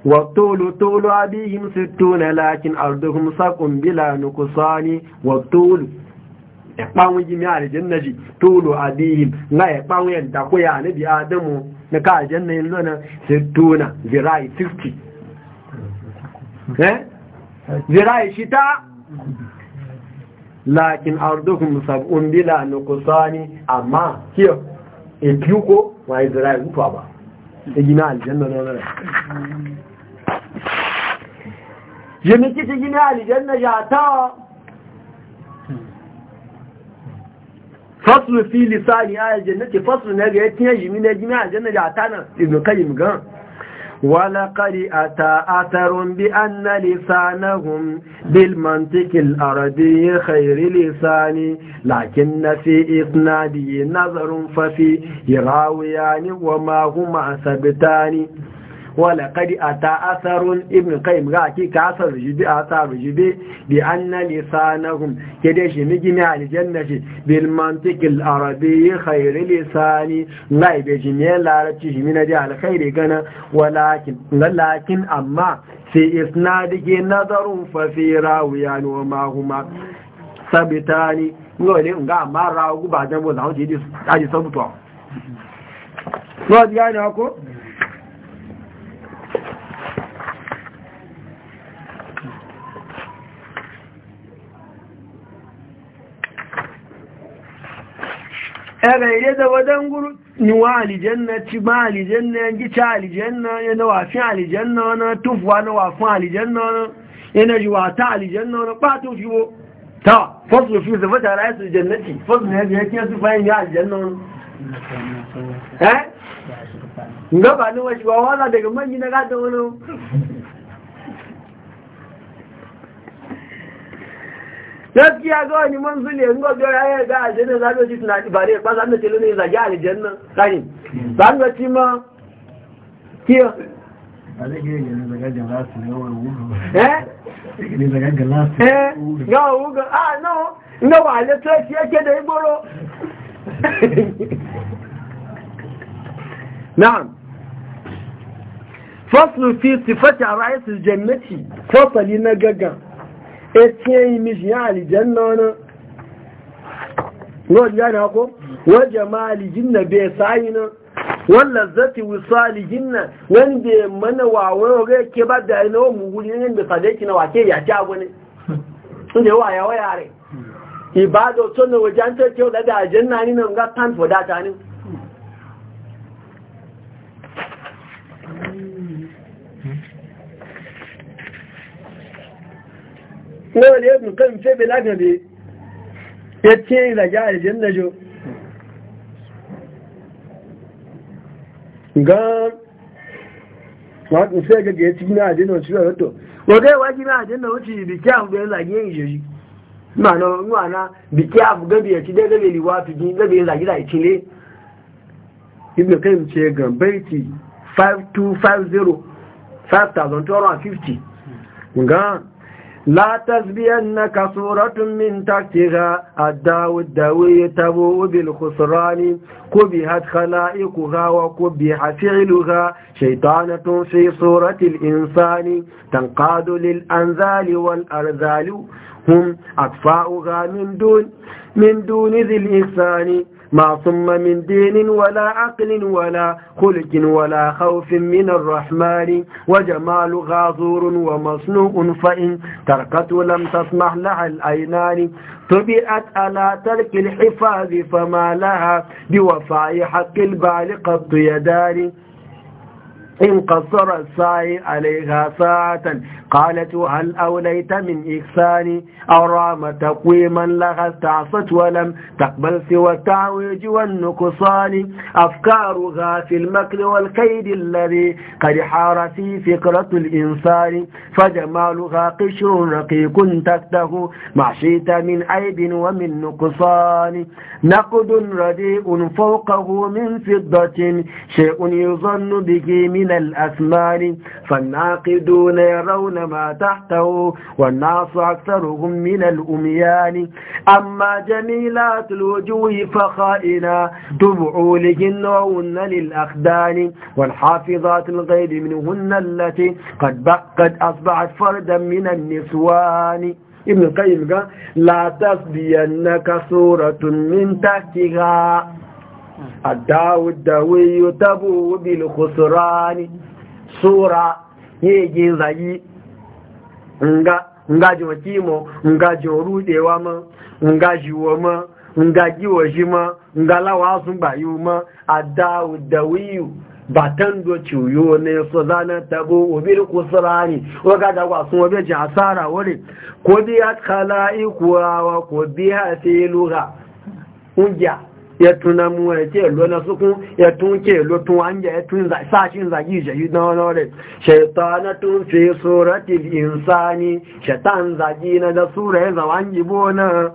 wa tulu tulu abihim sittuna lakin arduhum saqun bila nuqsani wa tulu ẹ̀páwọn jí mẹ́ àrẹ̀jẹ́ náà jí tó lò àdíyìn láì ẹ̀páwọn yẹn dákóyà níbi adamu na ká àjẹ́ lakin ardukum sab'un bila nuqsani amma kiyo e piuko wa izrael mutuwa ba e gina aljanna na nan yemi kiti gina aljanna ya ta faslu fi lisani ayal jannati faslu ne ga yatiya yimi ne gina aljanna ya ta na ibn qayyim gan ولقد أتى أثر بأن لسانهم بالمنطق الأرضي خير لسان لكن في إسناده نظر ففي يراويان وما هما ثبتان wala kadi a ta asarun ibn qayyim ga ki ka asar a asar jibi bi anna Ke dai shi migi ne na shi bil mantikil arabi khair lisani ngai be shi ne larabci shi mina jihar alkhairi gana walakin lakin amma fi dike nazarun fa fi rawiyan wa ma huma sabitani ne, nga mara gubadan bo lawo ji di aji sabuto Lord, you know, ẹ̀rẹ̀ da wadan guru niwa alijanna ci ma alijanna yanki ci alijanna yana wafin alijanna wani tufuwa na wafin alijanna wani yana ji wata alijanna wani ɓato shi wo ta fasu fi su fata rayu su jannati fasu ne biya kiyar su fahim ya alijanna wani eh gaba ni wasu wawa daga manyan na gada wani gaskiya ga wani manzuli in ga gora yi ga aljanna za ka ci tunani ba dai ba za mu tilune za ga aljanna kani za mu ci ma kiyo eh? eh, ga ah no ina wa le to ci yake da iboro (laughs) na'am faslu fi sifati ra'is aljannati fasali na gaga etiye yi mishi ya alijanna wani yau jana ko wajen ma alijinna bai sayi nan wanda zati wisali jinna wanda mana wa wawo ga ke ba da ina wa muguri ne da sadaki na wake ya ta gune inda wa ya waya re ibado to ne wajen ta ke da janna ni nan ga tan fodata ne. wọ́n lè ẹ̀bùn kan fẹ́ bẹ̀ lágàbẹ̀ ya tí ìrìnàjá àìjẹ́nà gan wọ́n kùn fẹ́ gẹ́gẹ́ tí ní àdínà sí ọ̀rọ̀ ó ti ìbìkí àbúgbẹ̀ ìlàgí ìyẹ̀yí mànà nínú bìkí àbúgbẹ̀ bí ẹ̀tí dẹ́gẹ́gẹ́ lè wá fi five, lẹ́gbẹ̀ẹ́ five, láìkílé ibùkẹ́ ìmìtì gan bẹ́ẹ̀tì 5250 لا تزبينك صورة من تحتها الداو الدوي تبوء بالخسران قبهت خلائقها وكبه فعلها شيطانة في صورة الإنسان تنقاد للأنزال والأرذال هم أكفاؤها من دون, من دون ذي الإحسان معصوم من دين ولا عقل ولا خلق ولا خوف من الرحمن وجمال غازور ومصنوع فإن تركته لم تسمح لها الأينان طبئت على ترك الحفاظ فما لها بوفاء حق البال قط إن قصر الساعي عليها ساعة قالت هل أوليت من إكساني أرام تقويما لها استعصت ولم تقبل سوى التعويج والنقصان أفكارها في المكر والكيد الذي قد حار في فكرة الإنسان فجمالها قشر رقيق تكته معشيت من عيب ومن نقصان نقد رديء فوقه من فضة شيء يظن به من الأثمان فالناقدون يرون ما تحته والناس أكثرهم من الأميان أما جميلات الوجوه فخائنا تبعوا لهن وهن للأخدان والحافظات الغيب منهن التي قد, قد أصبعت فردا من النسوان ابن القيم قال لا تصدينك صورة من تحتها الدعو الدوي تبو بالخسران صورة يجي زي nga nga ji nga ji rudewa ma nga ji wa ma nga ji wa ji ma nga lawa sun bayu ma adawu dawiyu batan do ciyo ne so zana tabo obir kusrani waga da kwa sun wabe ji asara wore ko bi at wa ko bi ha unja ya tuna mu ya ce lo na ya tun ke lo tun anja ya tun za sa shin zagi ja yi na wani shaitana tun fi suratil insani shatan zagi na da sura ya zawa an bona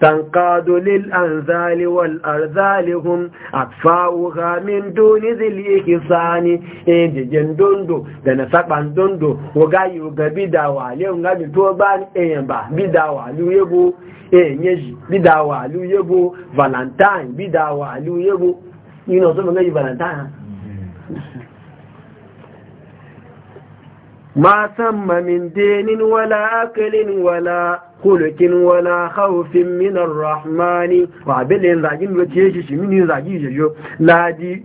تنقاد للأنذال والأرذال هم أطفاؤها من دون ذي الإحسان إنجي جندندو دانا ساقبان دندو وغايو غبيدا والي ونغابي توبان إيمبا بيدا والي يبو إنجي بيدا والي يبو فالانتاين بيدا والي يبو ينو سوف نغي فالانتاين ما سمى من دين ولا أكل ولا kulukin wala khawfin minar rahmani wa bilin zagin da ce shi mini zagi jejo ladi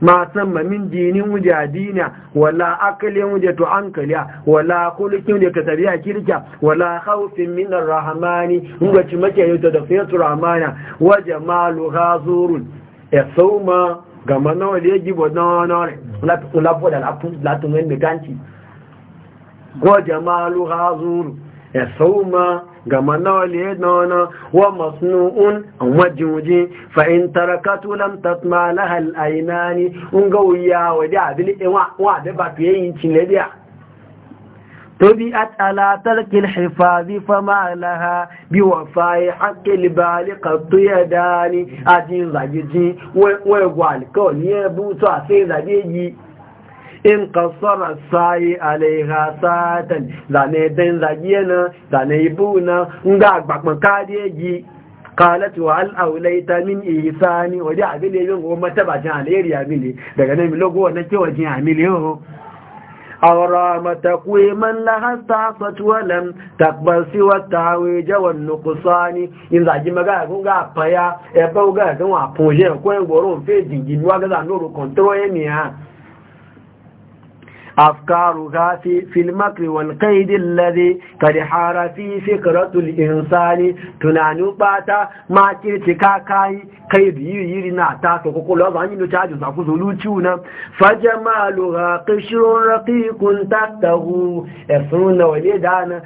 ma samma min dinin wuja dina wala akalin wuja to an kaliya wala kulukin wuja ta tabiya kirka wala khawfin minar rahmani. wuga ci make yau da fiyatu rahmana wa jamalu ghazurun ya e sauma ga manawa da ya gibo na wani da latin wani ganci ko jamalu ghazurun ya e sauma gama nawali yadda e wa masnu'un a majiwuji fa’in tarakatu lamtar malahal aina ne un ga wuya wadda abilin wa da ba fiye yin cinye biya to a tsalatar kilhifa bi fa malaha bi wa fayi haƙƙi libali kattu ya dani ajiyin zagejin wai gwalikau ne ya buto a sai zagejin in kasara sayi alaiha satan zane dan zagiye na zane ibu na nga agbapin kariyegi kalatu wa al min isani waje da yin goma ta ba alheri amili daga nan logo wannan kewa jin amili ho awrama taqwiman laha sa'at wa lam taqbal siwa ta'wij wa nuqsani in zaji maga ko ga paya e ba ga wa poje ko en goro fe wa ga zan ro control ha أفكارها في, في المكر والقيد الذي قد حار فيه فكرة الإنسان تنانو باتا ما كيرتكا كاي قيد يري نعتاك وقل الله عني نتاج زعفو زلوتيونا فجمالها قشر رقيق تحته يسرون وليدانا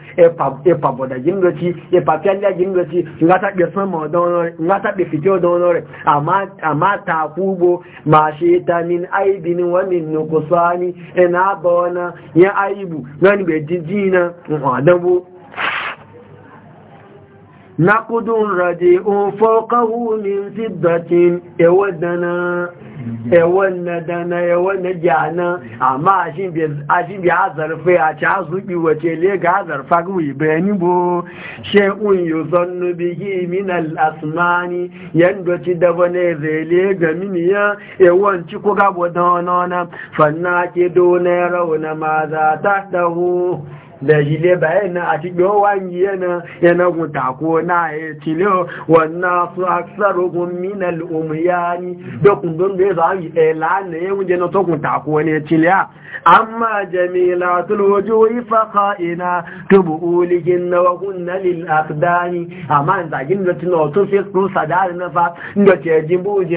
إبابودا جنغتي إبابيالا جنغتي ngata bi sama donore ngata bi fitio donore ama ama ta kubo ma shita min aibin wa min nuqsani ina ba wani ya aibu ni bai jijina na نقد رديء فوقه من زبدة يودنا يوندنا يونجعنا أما عشان بيعذر فيها تعزب وتليك عذر فقوي بينبو شيء يظن به من الأسمان يندوتي دبني ذليك منيا يوان تكوك ودونونا دون يرون ماذا تحته da jile bayan nan a cikin yawan yana yana guta na ya cile wannan su aksar ogun minal umiyani da kundin da ya za yi ela na ya wuje na tokun tako ne cile amma jamila tulwaju ifaka ina tubu uligin na wakun na lil akdani amma in zagin da tuna wato sai kun na fa inda ce jimbo ji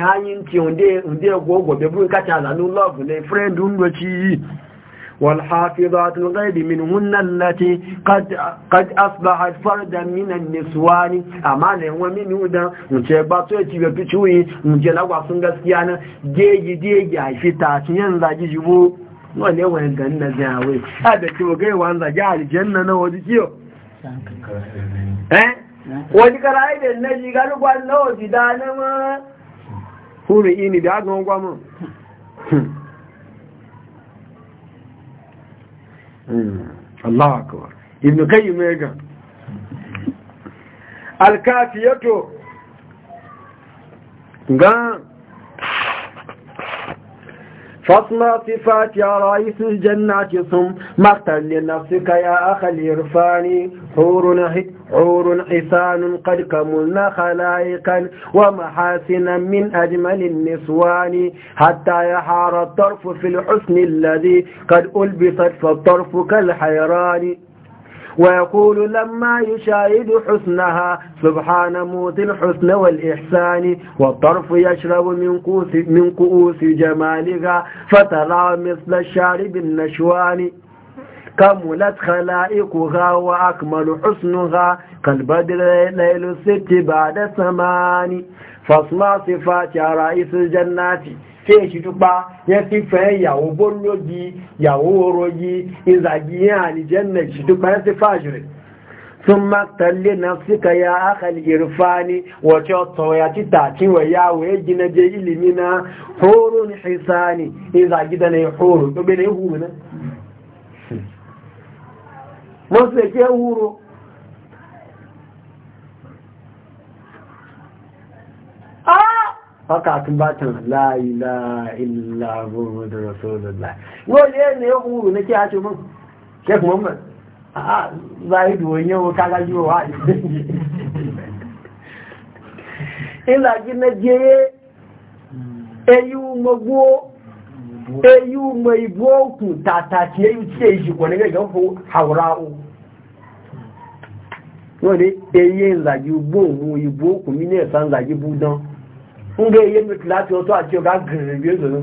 wunde gogo bebu kacha love ne friend والحافظات الغيب منهن التي قد قد اصبحت فردا من النسوان اما ne wani nuda muce ba so ya tibe tuci muje lagwa sun gaskiya na geji geji a shi ta cin yan zagi jibo wale wani gan na jawe a da kiwo gai wan zagi aljanna na wani kiyo eh wani karai da na ji na Allah akbar ibn qayyim ya ga alkafiyatu ga فاصنع صفات يا رئيس الجنات ثم مقتل لنفسك يا أخي الإرفاني حور نهي عور حسان قد كملنا خلائقا ومحاسنا من أجمل النسوان حتى يحار الطرف في الحسن الذي قد ألبست فالطرف كالحيران ويقول لما يشاهد حسنها سبحان موت الحسن والإحسان والطرف يشرب من كؤوس من كؤوس جمالها فترى مثل الشارب النشوان kamulat khala'iquha wa akmalu husnuha kal badri laylu sitti ba'da samani fasma sifati ra'isul jannati tí èṣì túpá yẹn ti fẹ́ ìyàwó bólógi ìyàwó orogi ìzàgì yẹn àlìjẹ́ nà èṣì túpá yẹn ti fàájúrẹ̀ sun maktalle na suka ya akali irfani wace toya tita kiwa yawo ya gina je ilimi na horun hisani in zagi da na yi horo to na yi huru wọ́n sì jẹ́ wúro haka tun batan la'ila illa muhammadu rasulullah wọ́n lè ní wúro na kí a ṣe mọ́ sheik muhammad a zahidu wọ́n yẹ́ wọ́n kára ìlàjí na eyi eyu mai boku tatace yi ce shi kwani ga gafu haura'u wani eye nzagi ugbo mu ibu okun mi ne san nzagi budan n ga eye mi kilasi ọtọ àti ọ̀gá gẹ̀rẹ̀ bí ẹzọ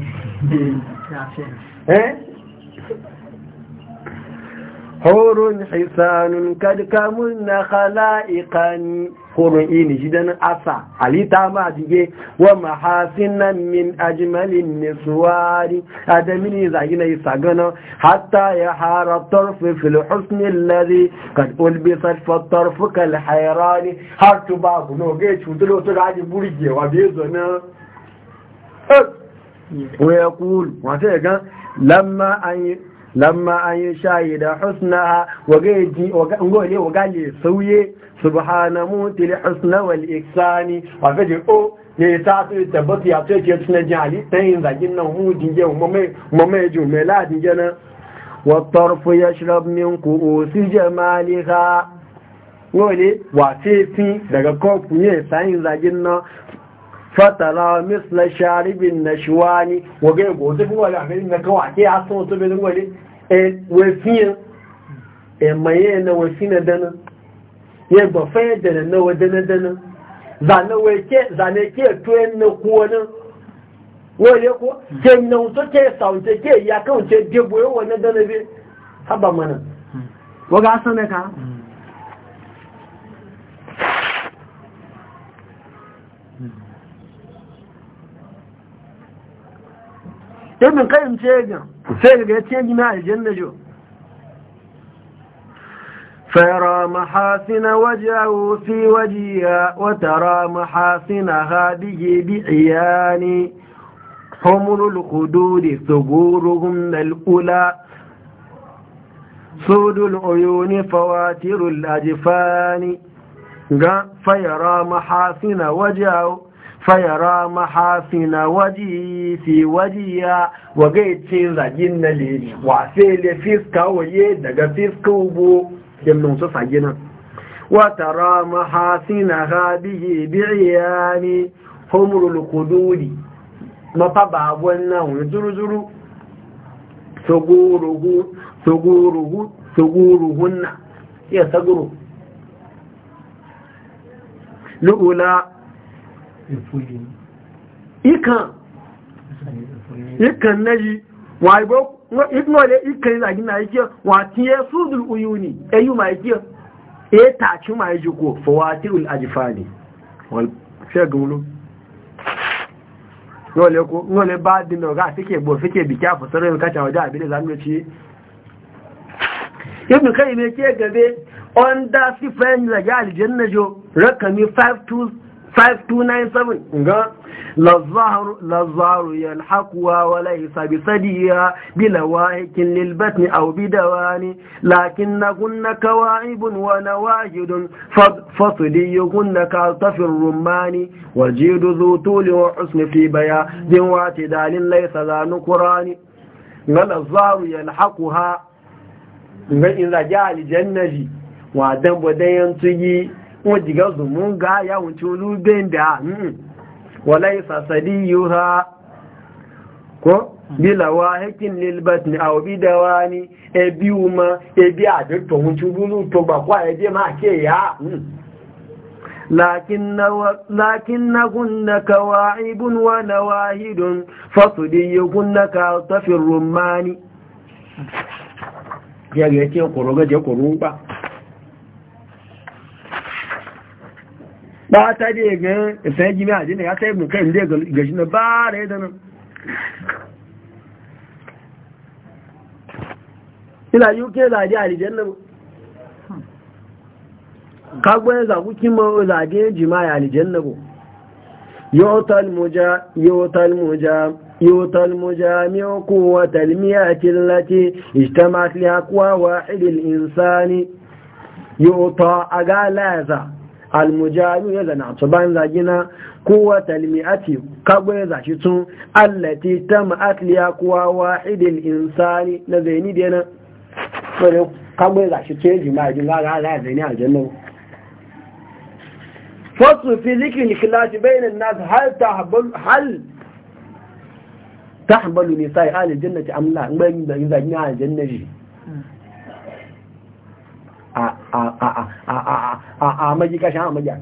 Horun hisanun kadkamun na khala'iqani kono ini jidan asa alita ma jige wa mahasinan min ajmalin niswari adamini zagina isagana hatta ya hara tarfi fil husni alladhi kad ulbisat fa tarfu kal hayrani har tu ba kuno ge chutulo to gaji burge wa bezo na eh, wa yaqul wa ta lamma an lamma an shahida husnaha wa ga ji wa ga le sauye subhana mutil husna wal ihsani wa gaje o oh, ne ta su tabbati a ce ke tunan jali tayin zagin nan hu dinge mu mai mu mai ju mai la dinge na wa tarf yashrab min ku'usi jamaliha wole wa ce daga kofu ne sayin zagin nan fatala misla sharibin nashwani wa gaje gote kuma la garin na kawake ya so to be wole e wefin e maye na wefin da dana ya gbafe da na nawa dana-dana zane ke tuyen na kuwanin wale ko ke na wuto ke saunce ke ya kan ce gebo yau na dana bi haba mana waga asa na ka ibin kayan ce ga sai ga ya ce gina aljanna jo فيرى محاسن وجهه في وجهها وترى محاسن هذه بعيان حمر الخدود ثبورهم الأولى سود العيون فواتر الأجفان فيرى محاسن وجهه فيرى محاسن وجهه في وجهها وقيت gaicin zagin لي le فيسكا le فيسكوبو yamnan su fage nan watara mahasina ha bihi biya ne homurul kuduri mafa babon nan wani zuru-zuru suguruhunna iya saguru lu'ula ikan ikan na yi wa iboku ìgbìmọ̀ lè ìkẹrì ìlàgí máa jẹ́ wà tí yẹ súdùl uyú ni ẹyù máa jẹ́ èyí tààkí máa jẹ́ kò fọwà tí ò àjífà ní ṣẹ́gùnlú wọ́n lè bá dínà ọ̀gá síkẹ̀ gbọ́ síkẹ̀ bí kí àfọ̀sọ́rọ̀ ẹ̀rùn káàkiri ọjọ́ àbílẹ̀ zanúrẹ́tí ibùn kẹ́yìn mẹ́kẹ́ gẹ̀gẹ́ ọ́ndá sífẹ́ ìlàgí àlìjẹ́ jo, rakami 5 5297 ga lazzaru yalhaquha wa laysa bisadiya bila wahikin lil batni aw bidawani lakinnakunna kawaibun wa nawajidun fasliyukunna ka tafir rumani wajidu dhutuli wa husni fi baya din wa tidalin laysa zanu qurani ga lazzaru yalhaquha ga in raja aljannati wa dan bodayan tuyi kuma jiga zumun ga ya wuce lubin da walai sasadi yuha ko bilawa hekin lilbat ni a obi da wani ebi uma ebi adekto wuce lulu to bakwa ebi ma ke ya لكنهن كواعب Rumani. فصديهن كالطف الرمان يا جيتي قروجه قروبا ba ta da ga sai jimi a jini ya ta mu kai inda ga gaji na ba da yadda nan ina yi da zaje a rijen nan kagwai zagu kima zage jima a rijen nan yotal muja يؤتى المجا يؤتى المجامع قوة المئة التي اجتمعت لأقوى واحد الإنسان يؤتى أقالاذا almujahidu ya zana to bayan zagina kowa talmi'ati kago ya zashi tun allati ta ma'atliya kuwa wahidin insani na zaini da yana wani kago ya zashi tun yaji ma'ajin gaga ala ya zaini aljanna fasu fiziki zikin kilashi bayanin nasu hal ta hal ta habbalu nisa ya halin jannati amla in zagina a shi a majika shan a majiya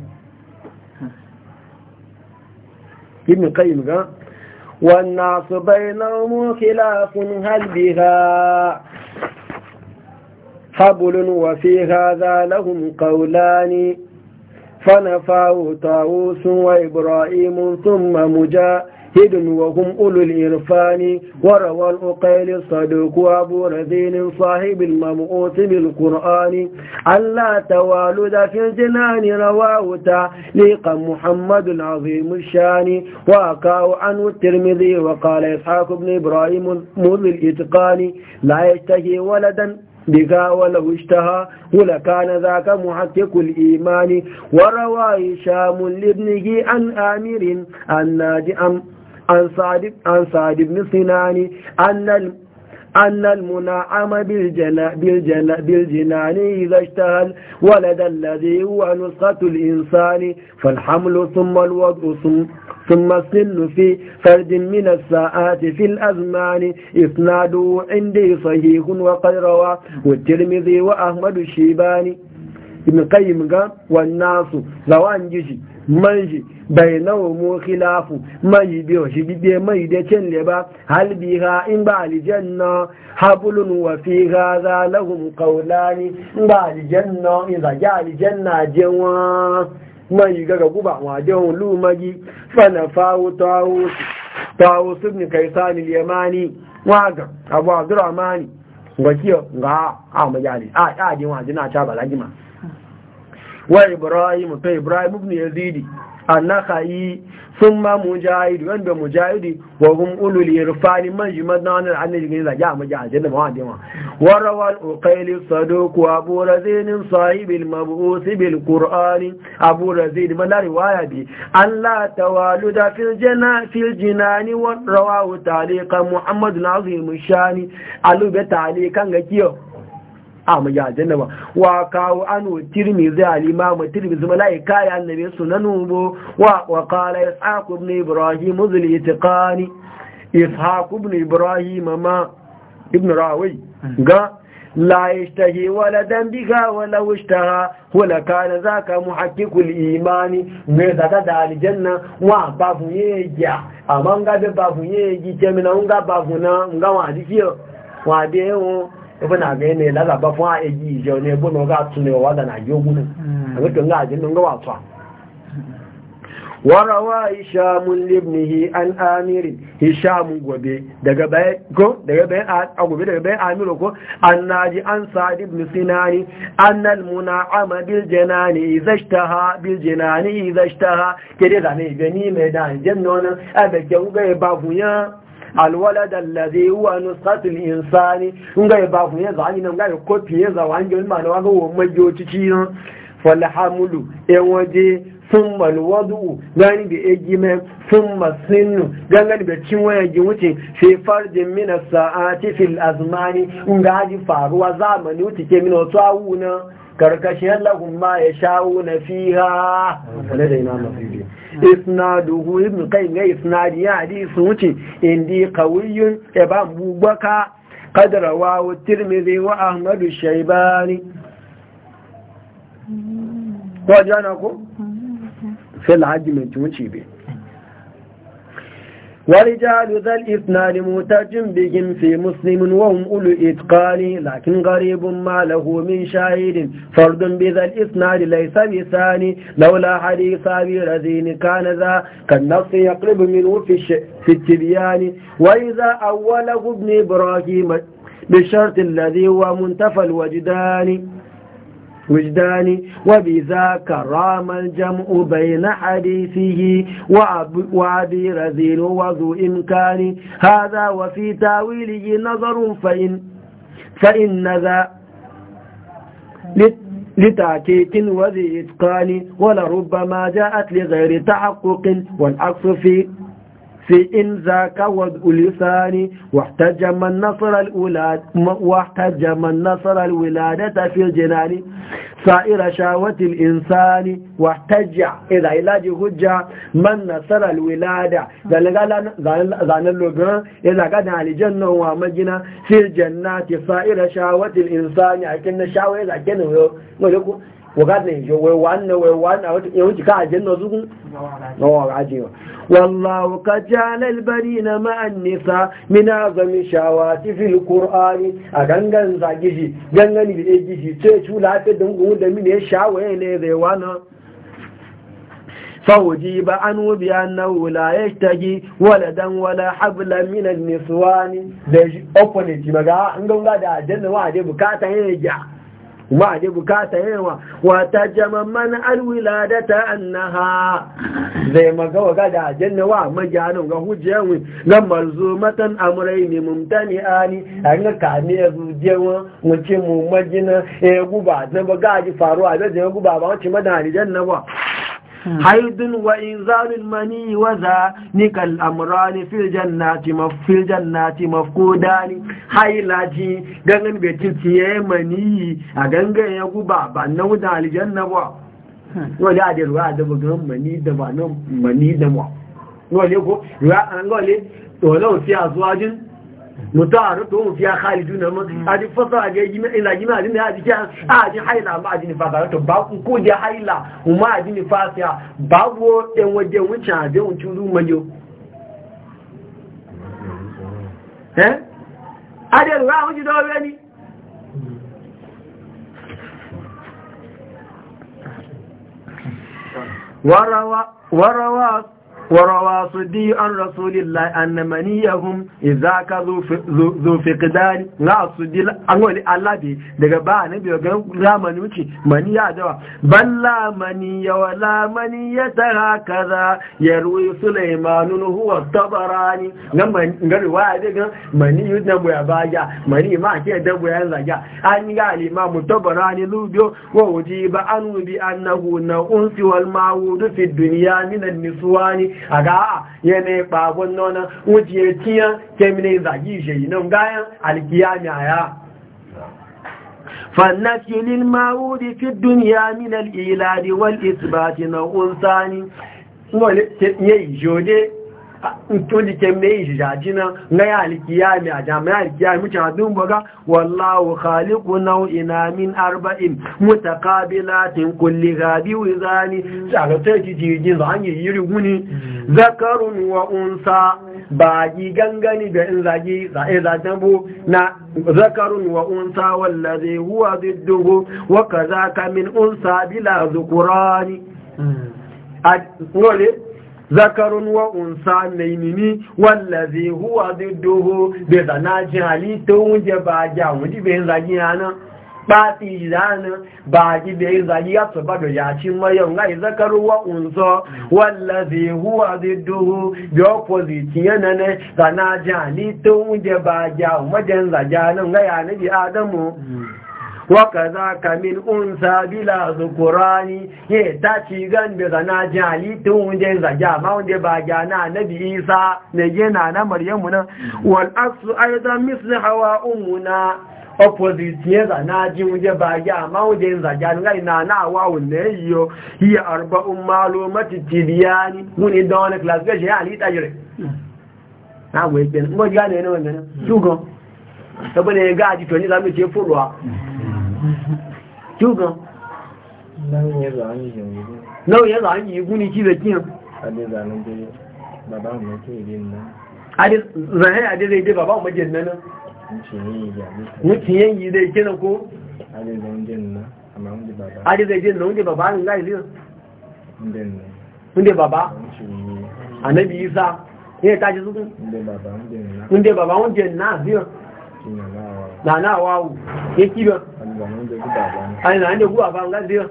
ibn qayyim ga wannan su bainamu khilafun halbiha habulun wa fi hadha lahum qawlani fa nafa'u ta'us wa hidin wa hun ulul irfani wa rawar ukaili saduku abu razinin sahibin mamutin ilkur'ani Allah ta walu da fi jinani rawa wuta liƙan muhammadu na shani wa kawo an wutar mizi wa kala ya sakub na ibrahim muzul itikani la ya waladan diga wala wishtaha wula kana za ka mu hake kul imani wa rawa ya shamun libnigi an amirin an na an sa'ad ibn sinani annal أن المناعم بالجنان إذا اشتهل ولد الذي هو نسخة الإنسان فالحمل ثم الوضع ثم السن في فرد من الساعات في الأزمان إثناده عندي صحيح وقد روى والترمذي وأحمد الشيباني ابن قيم قال والناس لو أنجشي manji bai nawa mu khilafu manji bi wa shigide mai da cin le ba hal biha in ba aljanna hablun wa fi hadha lahum qawlani in ba in za ja aljanna jewa manji gaga guba wa jawon lumagi fa na fawo tawo tawo sun kai sani yamani waga abu abdurrahmani ga kiyo ga a majali a ya ji wa jina wa ibrahim fa ibrahim ibn yazidi annakayi sun ma mujahidi wanda mujahidi wa hum ulul irfani man jimadan an annabi ga ya mu ja aljanna ma wanda ma wa rawal uqayl saduq wa abu razin sahib al mab'uth bil qur'an abu razin man la riwaya bi an la tawaluda fil fil jinani wa rawahu taliqa muhammad al azim shani alu bi taliqan ga kiyo a ah, majalajana ba wa kawo anu tirmizi alimamu tirmizi mala'ika ya annabi sunanu bo wa kala ishaku ibn ibrahim muzul itiqani ishaku ibn ibrahim ma ibn rawai ga la yashtahi waladan bika wala washtaha wala kana zaka muhaqqiqul imani me daga da aljanna wa babu yeja amanga be babu yeji temina unga babuna unga wadiyo wadiyo ibn aga ne la ba fún eji ijo ne bo no ga tun ne wa da na yogun ne hmm. to nga ajin nga wa twa hmm. warawa hishamun libnihi an amiri hishamun gobe daga Bai amiru ko an naji an sa'ad ibn sinani annal muna'ama bil janani ha? bil janani izashtaha kede zane gani mai da jannonin a da kyau ga e ba funya alwalad allazi huwa nusqatu al-insani ngai ba fu yanzu an nan ngai kofi yanzu an ga ma na wa go majo cici fal hamlu e waje summa alwadu gani bi ejime summa sinu gani bi cin waya ji wuce fi farjin min as-sa'ati fil azmani ngaji faruwa zamani wuce ke min wato awuna karkashin lahum ma yasha'una fiha wala da ina Hmm. isnaduhu ibn qayyim ya isnadi ya hadisi wuce indi qawiyyun ibn bubaka qad rawahu tirmidhi wa ahmad shaybani ko hmm. jana ko hmm. fil hajji wuce bai ورجال ذا الإثنان متجم بهم في مسلم وهم أولو إتقان لكن غريب ما له من شاهد فرد بذا الإثنان ليس بثاني لولا حديث أبي رزين كان ذا كالنص يقرب منه في, في التبيان وإذا أوله ابن إبراهيم بشرط الذي هو منتفى الوجدان وجدان وبذا كرام الجمع بين حديثه وأبي رزيل وذو إمكان هذا وفي تاويله نظر فإن, فإن ذا لتعكيك وذي إتقان ولربما جاءت لغير تحقق والعكس في في إن ذاك وضع لساني واحتجم النصر الأولاد واحتجم النصر الولادة في الجنان سائر شاوة الإنسان واحتجع إذا علاج هجع من نصر الولادة ذان اللغان إذا قد على جنة ومجنة في الجنات سائر شاوة الإنسان لكن الشاوة إذا كان ويقول وقال لي جو ويوان ويوان يوجد كاجن نزوغن نوع عجيب والله قد جعل البنين مع النساء من أعظم شهوات في القرآن أغنغن زاجيجي غنغن بيجيجي تشو لا تدنغو دمين شاوين ريوانا فوجيب عنه بأنه لا يشتهي ولدا ولا حبل من النسوان ده أوبنتي مغا نغا دا جنة وعدي بكاتا هيجا ma bukata yawa wata jamamman alwilada ta annaha zai magawa gada janna wa majanin ga hujjewi ga marzo matan amurai ne mumtani ani a ga kame ya zujewa wace mu majina ya guba na ba gaji faruwa da zai guba ba wace madani jannawa Hmm. haidun wa inzalul mani wa za nikal amrani fil jannati mafil jannati mafkudani hailaji gangan be tiye mani a gangan ya guba ba na wuda aljanna ba wani hmm. a da ruwa da bugan mani da ba nan mani da ba wani ko ruwa an gole tsoron fi zuwa jin mutu a rufe khalidu na mun a ji fasa a ji ina gina ajin ya jike a ji haila ma ajin fa fasa to ba ku je haila kuma ajin fa siya ba go en waje wuce a je wuce zu majo eh a de wuce da ni warawa warawa وروى صدي عن رسول الله أن منيهم إذا كذو ذو فقدان لا صدي أقول الله دي daga ba ne biyo ga zamani wuce maniya dawa balla maniya wala maniya ta hakaza yarwi sulaimanun huwa tabarani ga ga riwaya dai ga maniyu da boya baya mani ma ke da boya zaga an ga al-imamu tabarani lubiyo wa wujiba anu bi annahu na unsi wal ma'ud fi Duniya, min an aga e ya ne ɓagon nuna wujiyar tiyan kemini zagi shayi nan gayan alkiyamiya ya fannafi lil ma'udi fi duniya min al'ilari wal isbati na unsani wale yayi jode mai kemme ijajina na ya mai a jami'a alkiyami mucin hadin baga wallahu khaliqu nau'ina min arba'in mutaqabilatin kulli gabi wizani tsalatai jijijin za an yi yiri guni mm. zakarun wa unsa ba yi gangani da in zagi za'e zagen bu na zakarun wa unsa wallazi huwa zidduhu wa ka min unsa bila zukurani mm. a ngole zakarun wa unsa nainini wallazi huwa didduhu bi zanaji halitta wunje ba ja wunji bai zagi yana ba ti zana ba ji bai zagi ya tuba da ya ci mayan ngai zakarun wa unsa wallazi huwa didduhu bi opposite yana ne zanaji halitta wunje ba ja wunje zagi yana ngai anabi adamu wakaza kamin unsa bila zukurani ye ta ci gan da zana ji halitta wunde zage amma wunde ba gyana nabi isa ne yana na maryamu nan wal asu aidan misli hawa ummuna opposite ye zana ji wunde ba gya amma wunde zage ngai na na wa wunde yiyo hiya arba'un malumati tibiyani muni don wani classification ya halitta jire na gwe gbe ngo gane ne wannan shugo to bane ga ji to ni zamu ce furwa kyau gan náà yẹ́ zàá yìí gún ní kí zẹ̀ kíyàn zàá adẹ́rẹ́ ìdẹ́ bàbá ọmọ jẹ́ nánà ní kí yẹ́ yìí dẹ̀ jẹ́ nàkó adẹ́rẹ́ ìdẹ́ isa ní ẹ̀ta jẹ́ sókún oúnjẹ bàbá oúnjẹ náà na na ya kiba ai na inda guba ba ga zira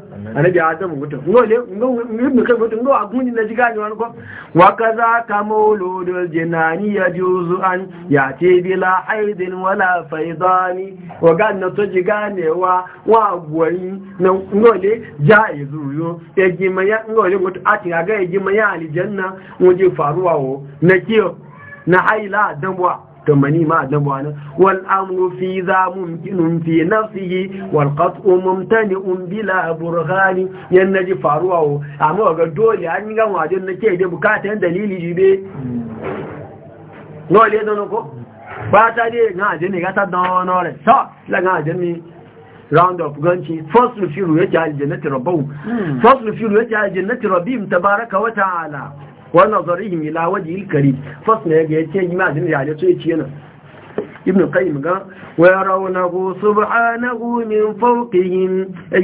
biya adam gutu ngole ngum kan gutu ngo agun din da jiga ni wani ko wa kaza kamulul jinani yajuzu an yati bila aidin wala faidani wa ganna to jiga ne wa wa gwari na ngole jaizu yo E jima ya ngole gutu ati ga ya gima ya e aljanna wuje faruwa wo na kiyo na haila danwa gamani ma da wani wal amru fi za mumkinun fi nafsihi wal qat'u mumtani'un bila burhani yan naji faruwa amma ga dole an ga wajen nake da bukatan dalili jibe dole don ko ba ta dai ga je ne ga ta don nore so la ga je ni round up ganci first refiru yake aljannati rabbu hmm. first refiru yake wa nazarihim ila wajhi al-karim fasna yaga yace imajin ya ne so yace yana ibn qayyim ga wa yarawnahu subhanahu min fawqihim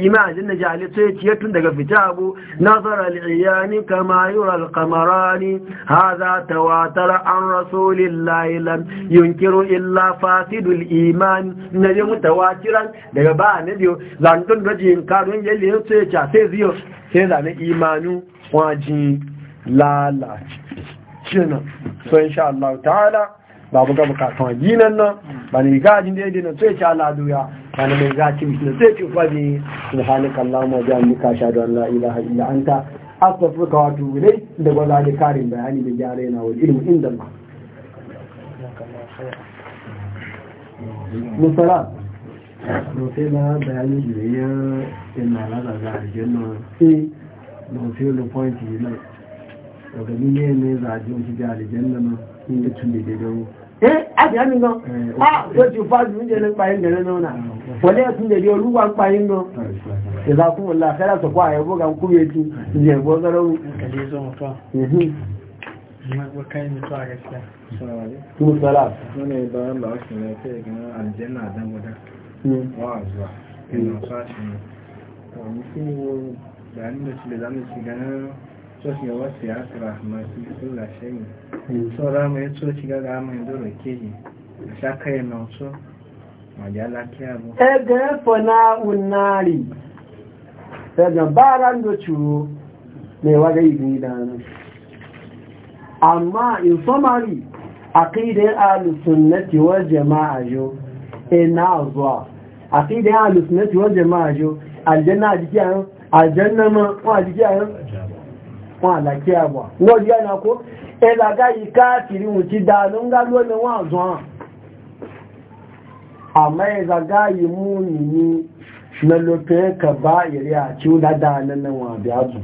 imajin na jali ya yace tun daga fitabu nazara al-iyani kama yura al-qamarani hadha tawatara an rasulillahi lam yunkiru illa fasidul iman na nabi mutawatiran daga ba nabi zan dun gajin karun yalle ya yace sai ziyo sai zane imanu wajin lalace na so insha Allah ta'ala babu ga bukatun yinan nan ba ne gajin da yadda na sai ci aladu ya ba ne mai gaci na sai ci fadi subhanaka allahumma bihamdika ashhadu an la ilaha illa anta astaghfiruka wa atubu ilayk da gwaza da karin bayani da gyara yana wal ilmu inda ma musala no sai na bayani da ya ina la da aljanna eh no sai lo point yi nan daga nile ne zaje shi da aljanna ma in da tun da dawo eh abi ami ngo a so eh, ti fa ju nje nan ah, wale tun da yo ruwa payin ngo idan ah, kun wallahi khaira kwa yabo ku ah. je garo zo mhm. kai gaskiya salamu alaikum ne bayan ba shi ne sai ga aljanna dan wadan mhm. wa zuwa ina sashi ne to mutum bayanin da shi da zamu sosai wasu ya rahmatu illa shayi so ramu ya tsoci ga ramu ya keji a kayan na wasu unari ẹgbẹ́ baran rando ciro mai waga idanu amma in summary aqidar alusunnati wal jama'a jo ina zuwa aqidar alusunnati wal jama'a aljanna jiki aljanna ma wọn àlàkí àwà wọ́n yẹ́ ẹ̀nà kó ẹ̀làgá yìí káàkiri wù ti dáa ló ń gá lónìí wọ́n àzọ́ hàn àmọ́ ẹ̀làgá yìí mú nìní mẹ́lòpín kàbá ìrẹ́ àti ó dáadáa nínú wọn àbí àjù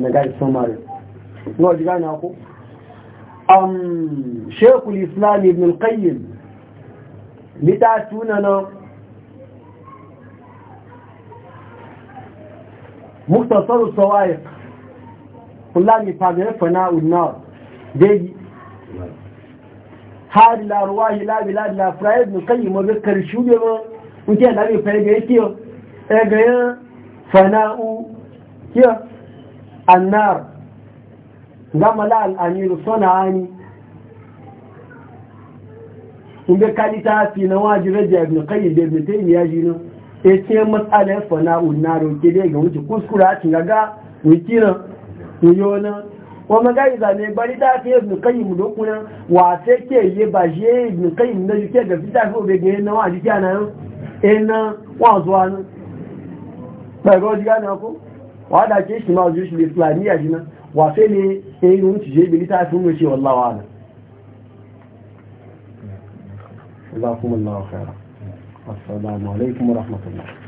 mẹ́gá ìsọ́mọ̀rẹ̀ wọ́n yẹ́ ẹ̀nà kó shekul islam ibn al-qayyim nítà túnana muktasar sawa'iq kula mi fagare fana unna dai har la ruwahi la bilad la fraid mu kai mu ga karshu ne ma muke da mi fai ga yake e ga ya fana'u ya annar gama la al amiru sana'ani in ga kalita fi na wajibi da ibn qayyim da ibn taymiya jinu e eh, ce matsalar fana'u na roke dai ga wuce kuskura a cin gaga wikina yuyona wa magaiza ne bari ta fi ibn qayyim dokuna wa sai ke yi ba ibn qayyim da yake ga fita ko be gane na wa jike e na ina wa zuwa na ba go diga na ko wa da ke shi ma jushi islamiya jina wa sai ne eh mun ci je ta fi mu ce wallahi wa ala jazakumullahu khairan assalamu alaikum wa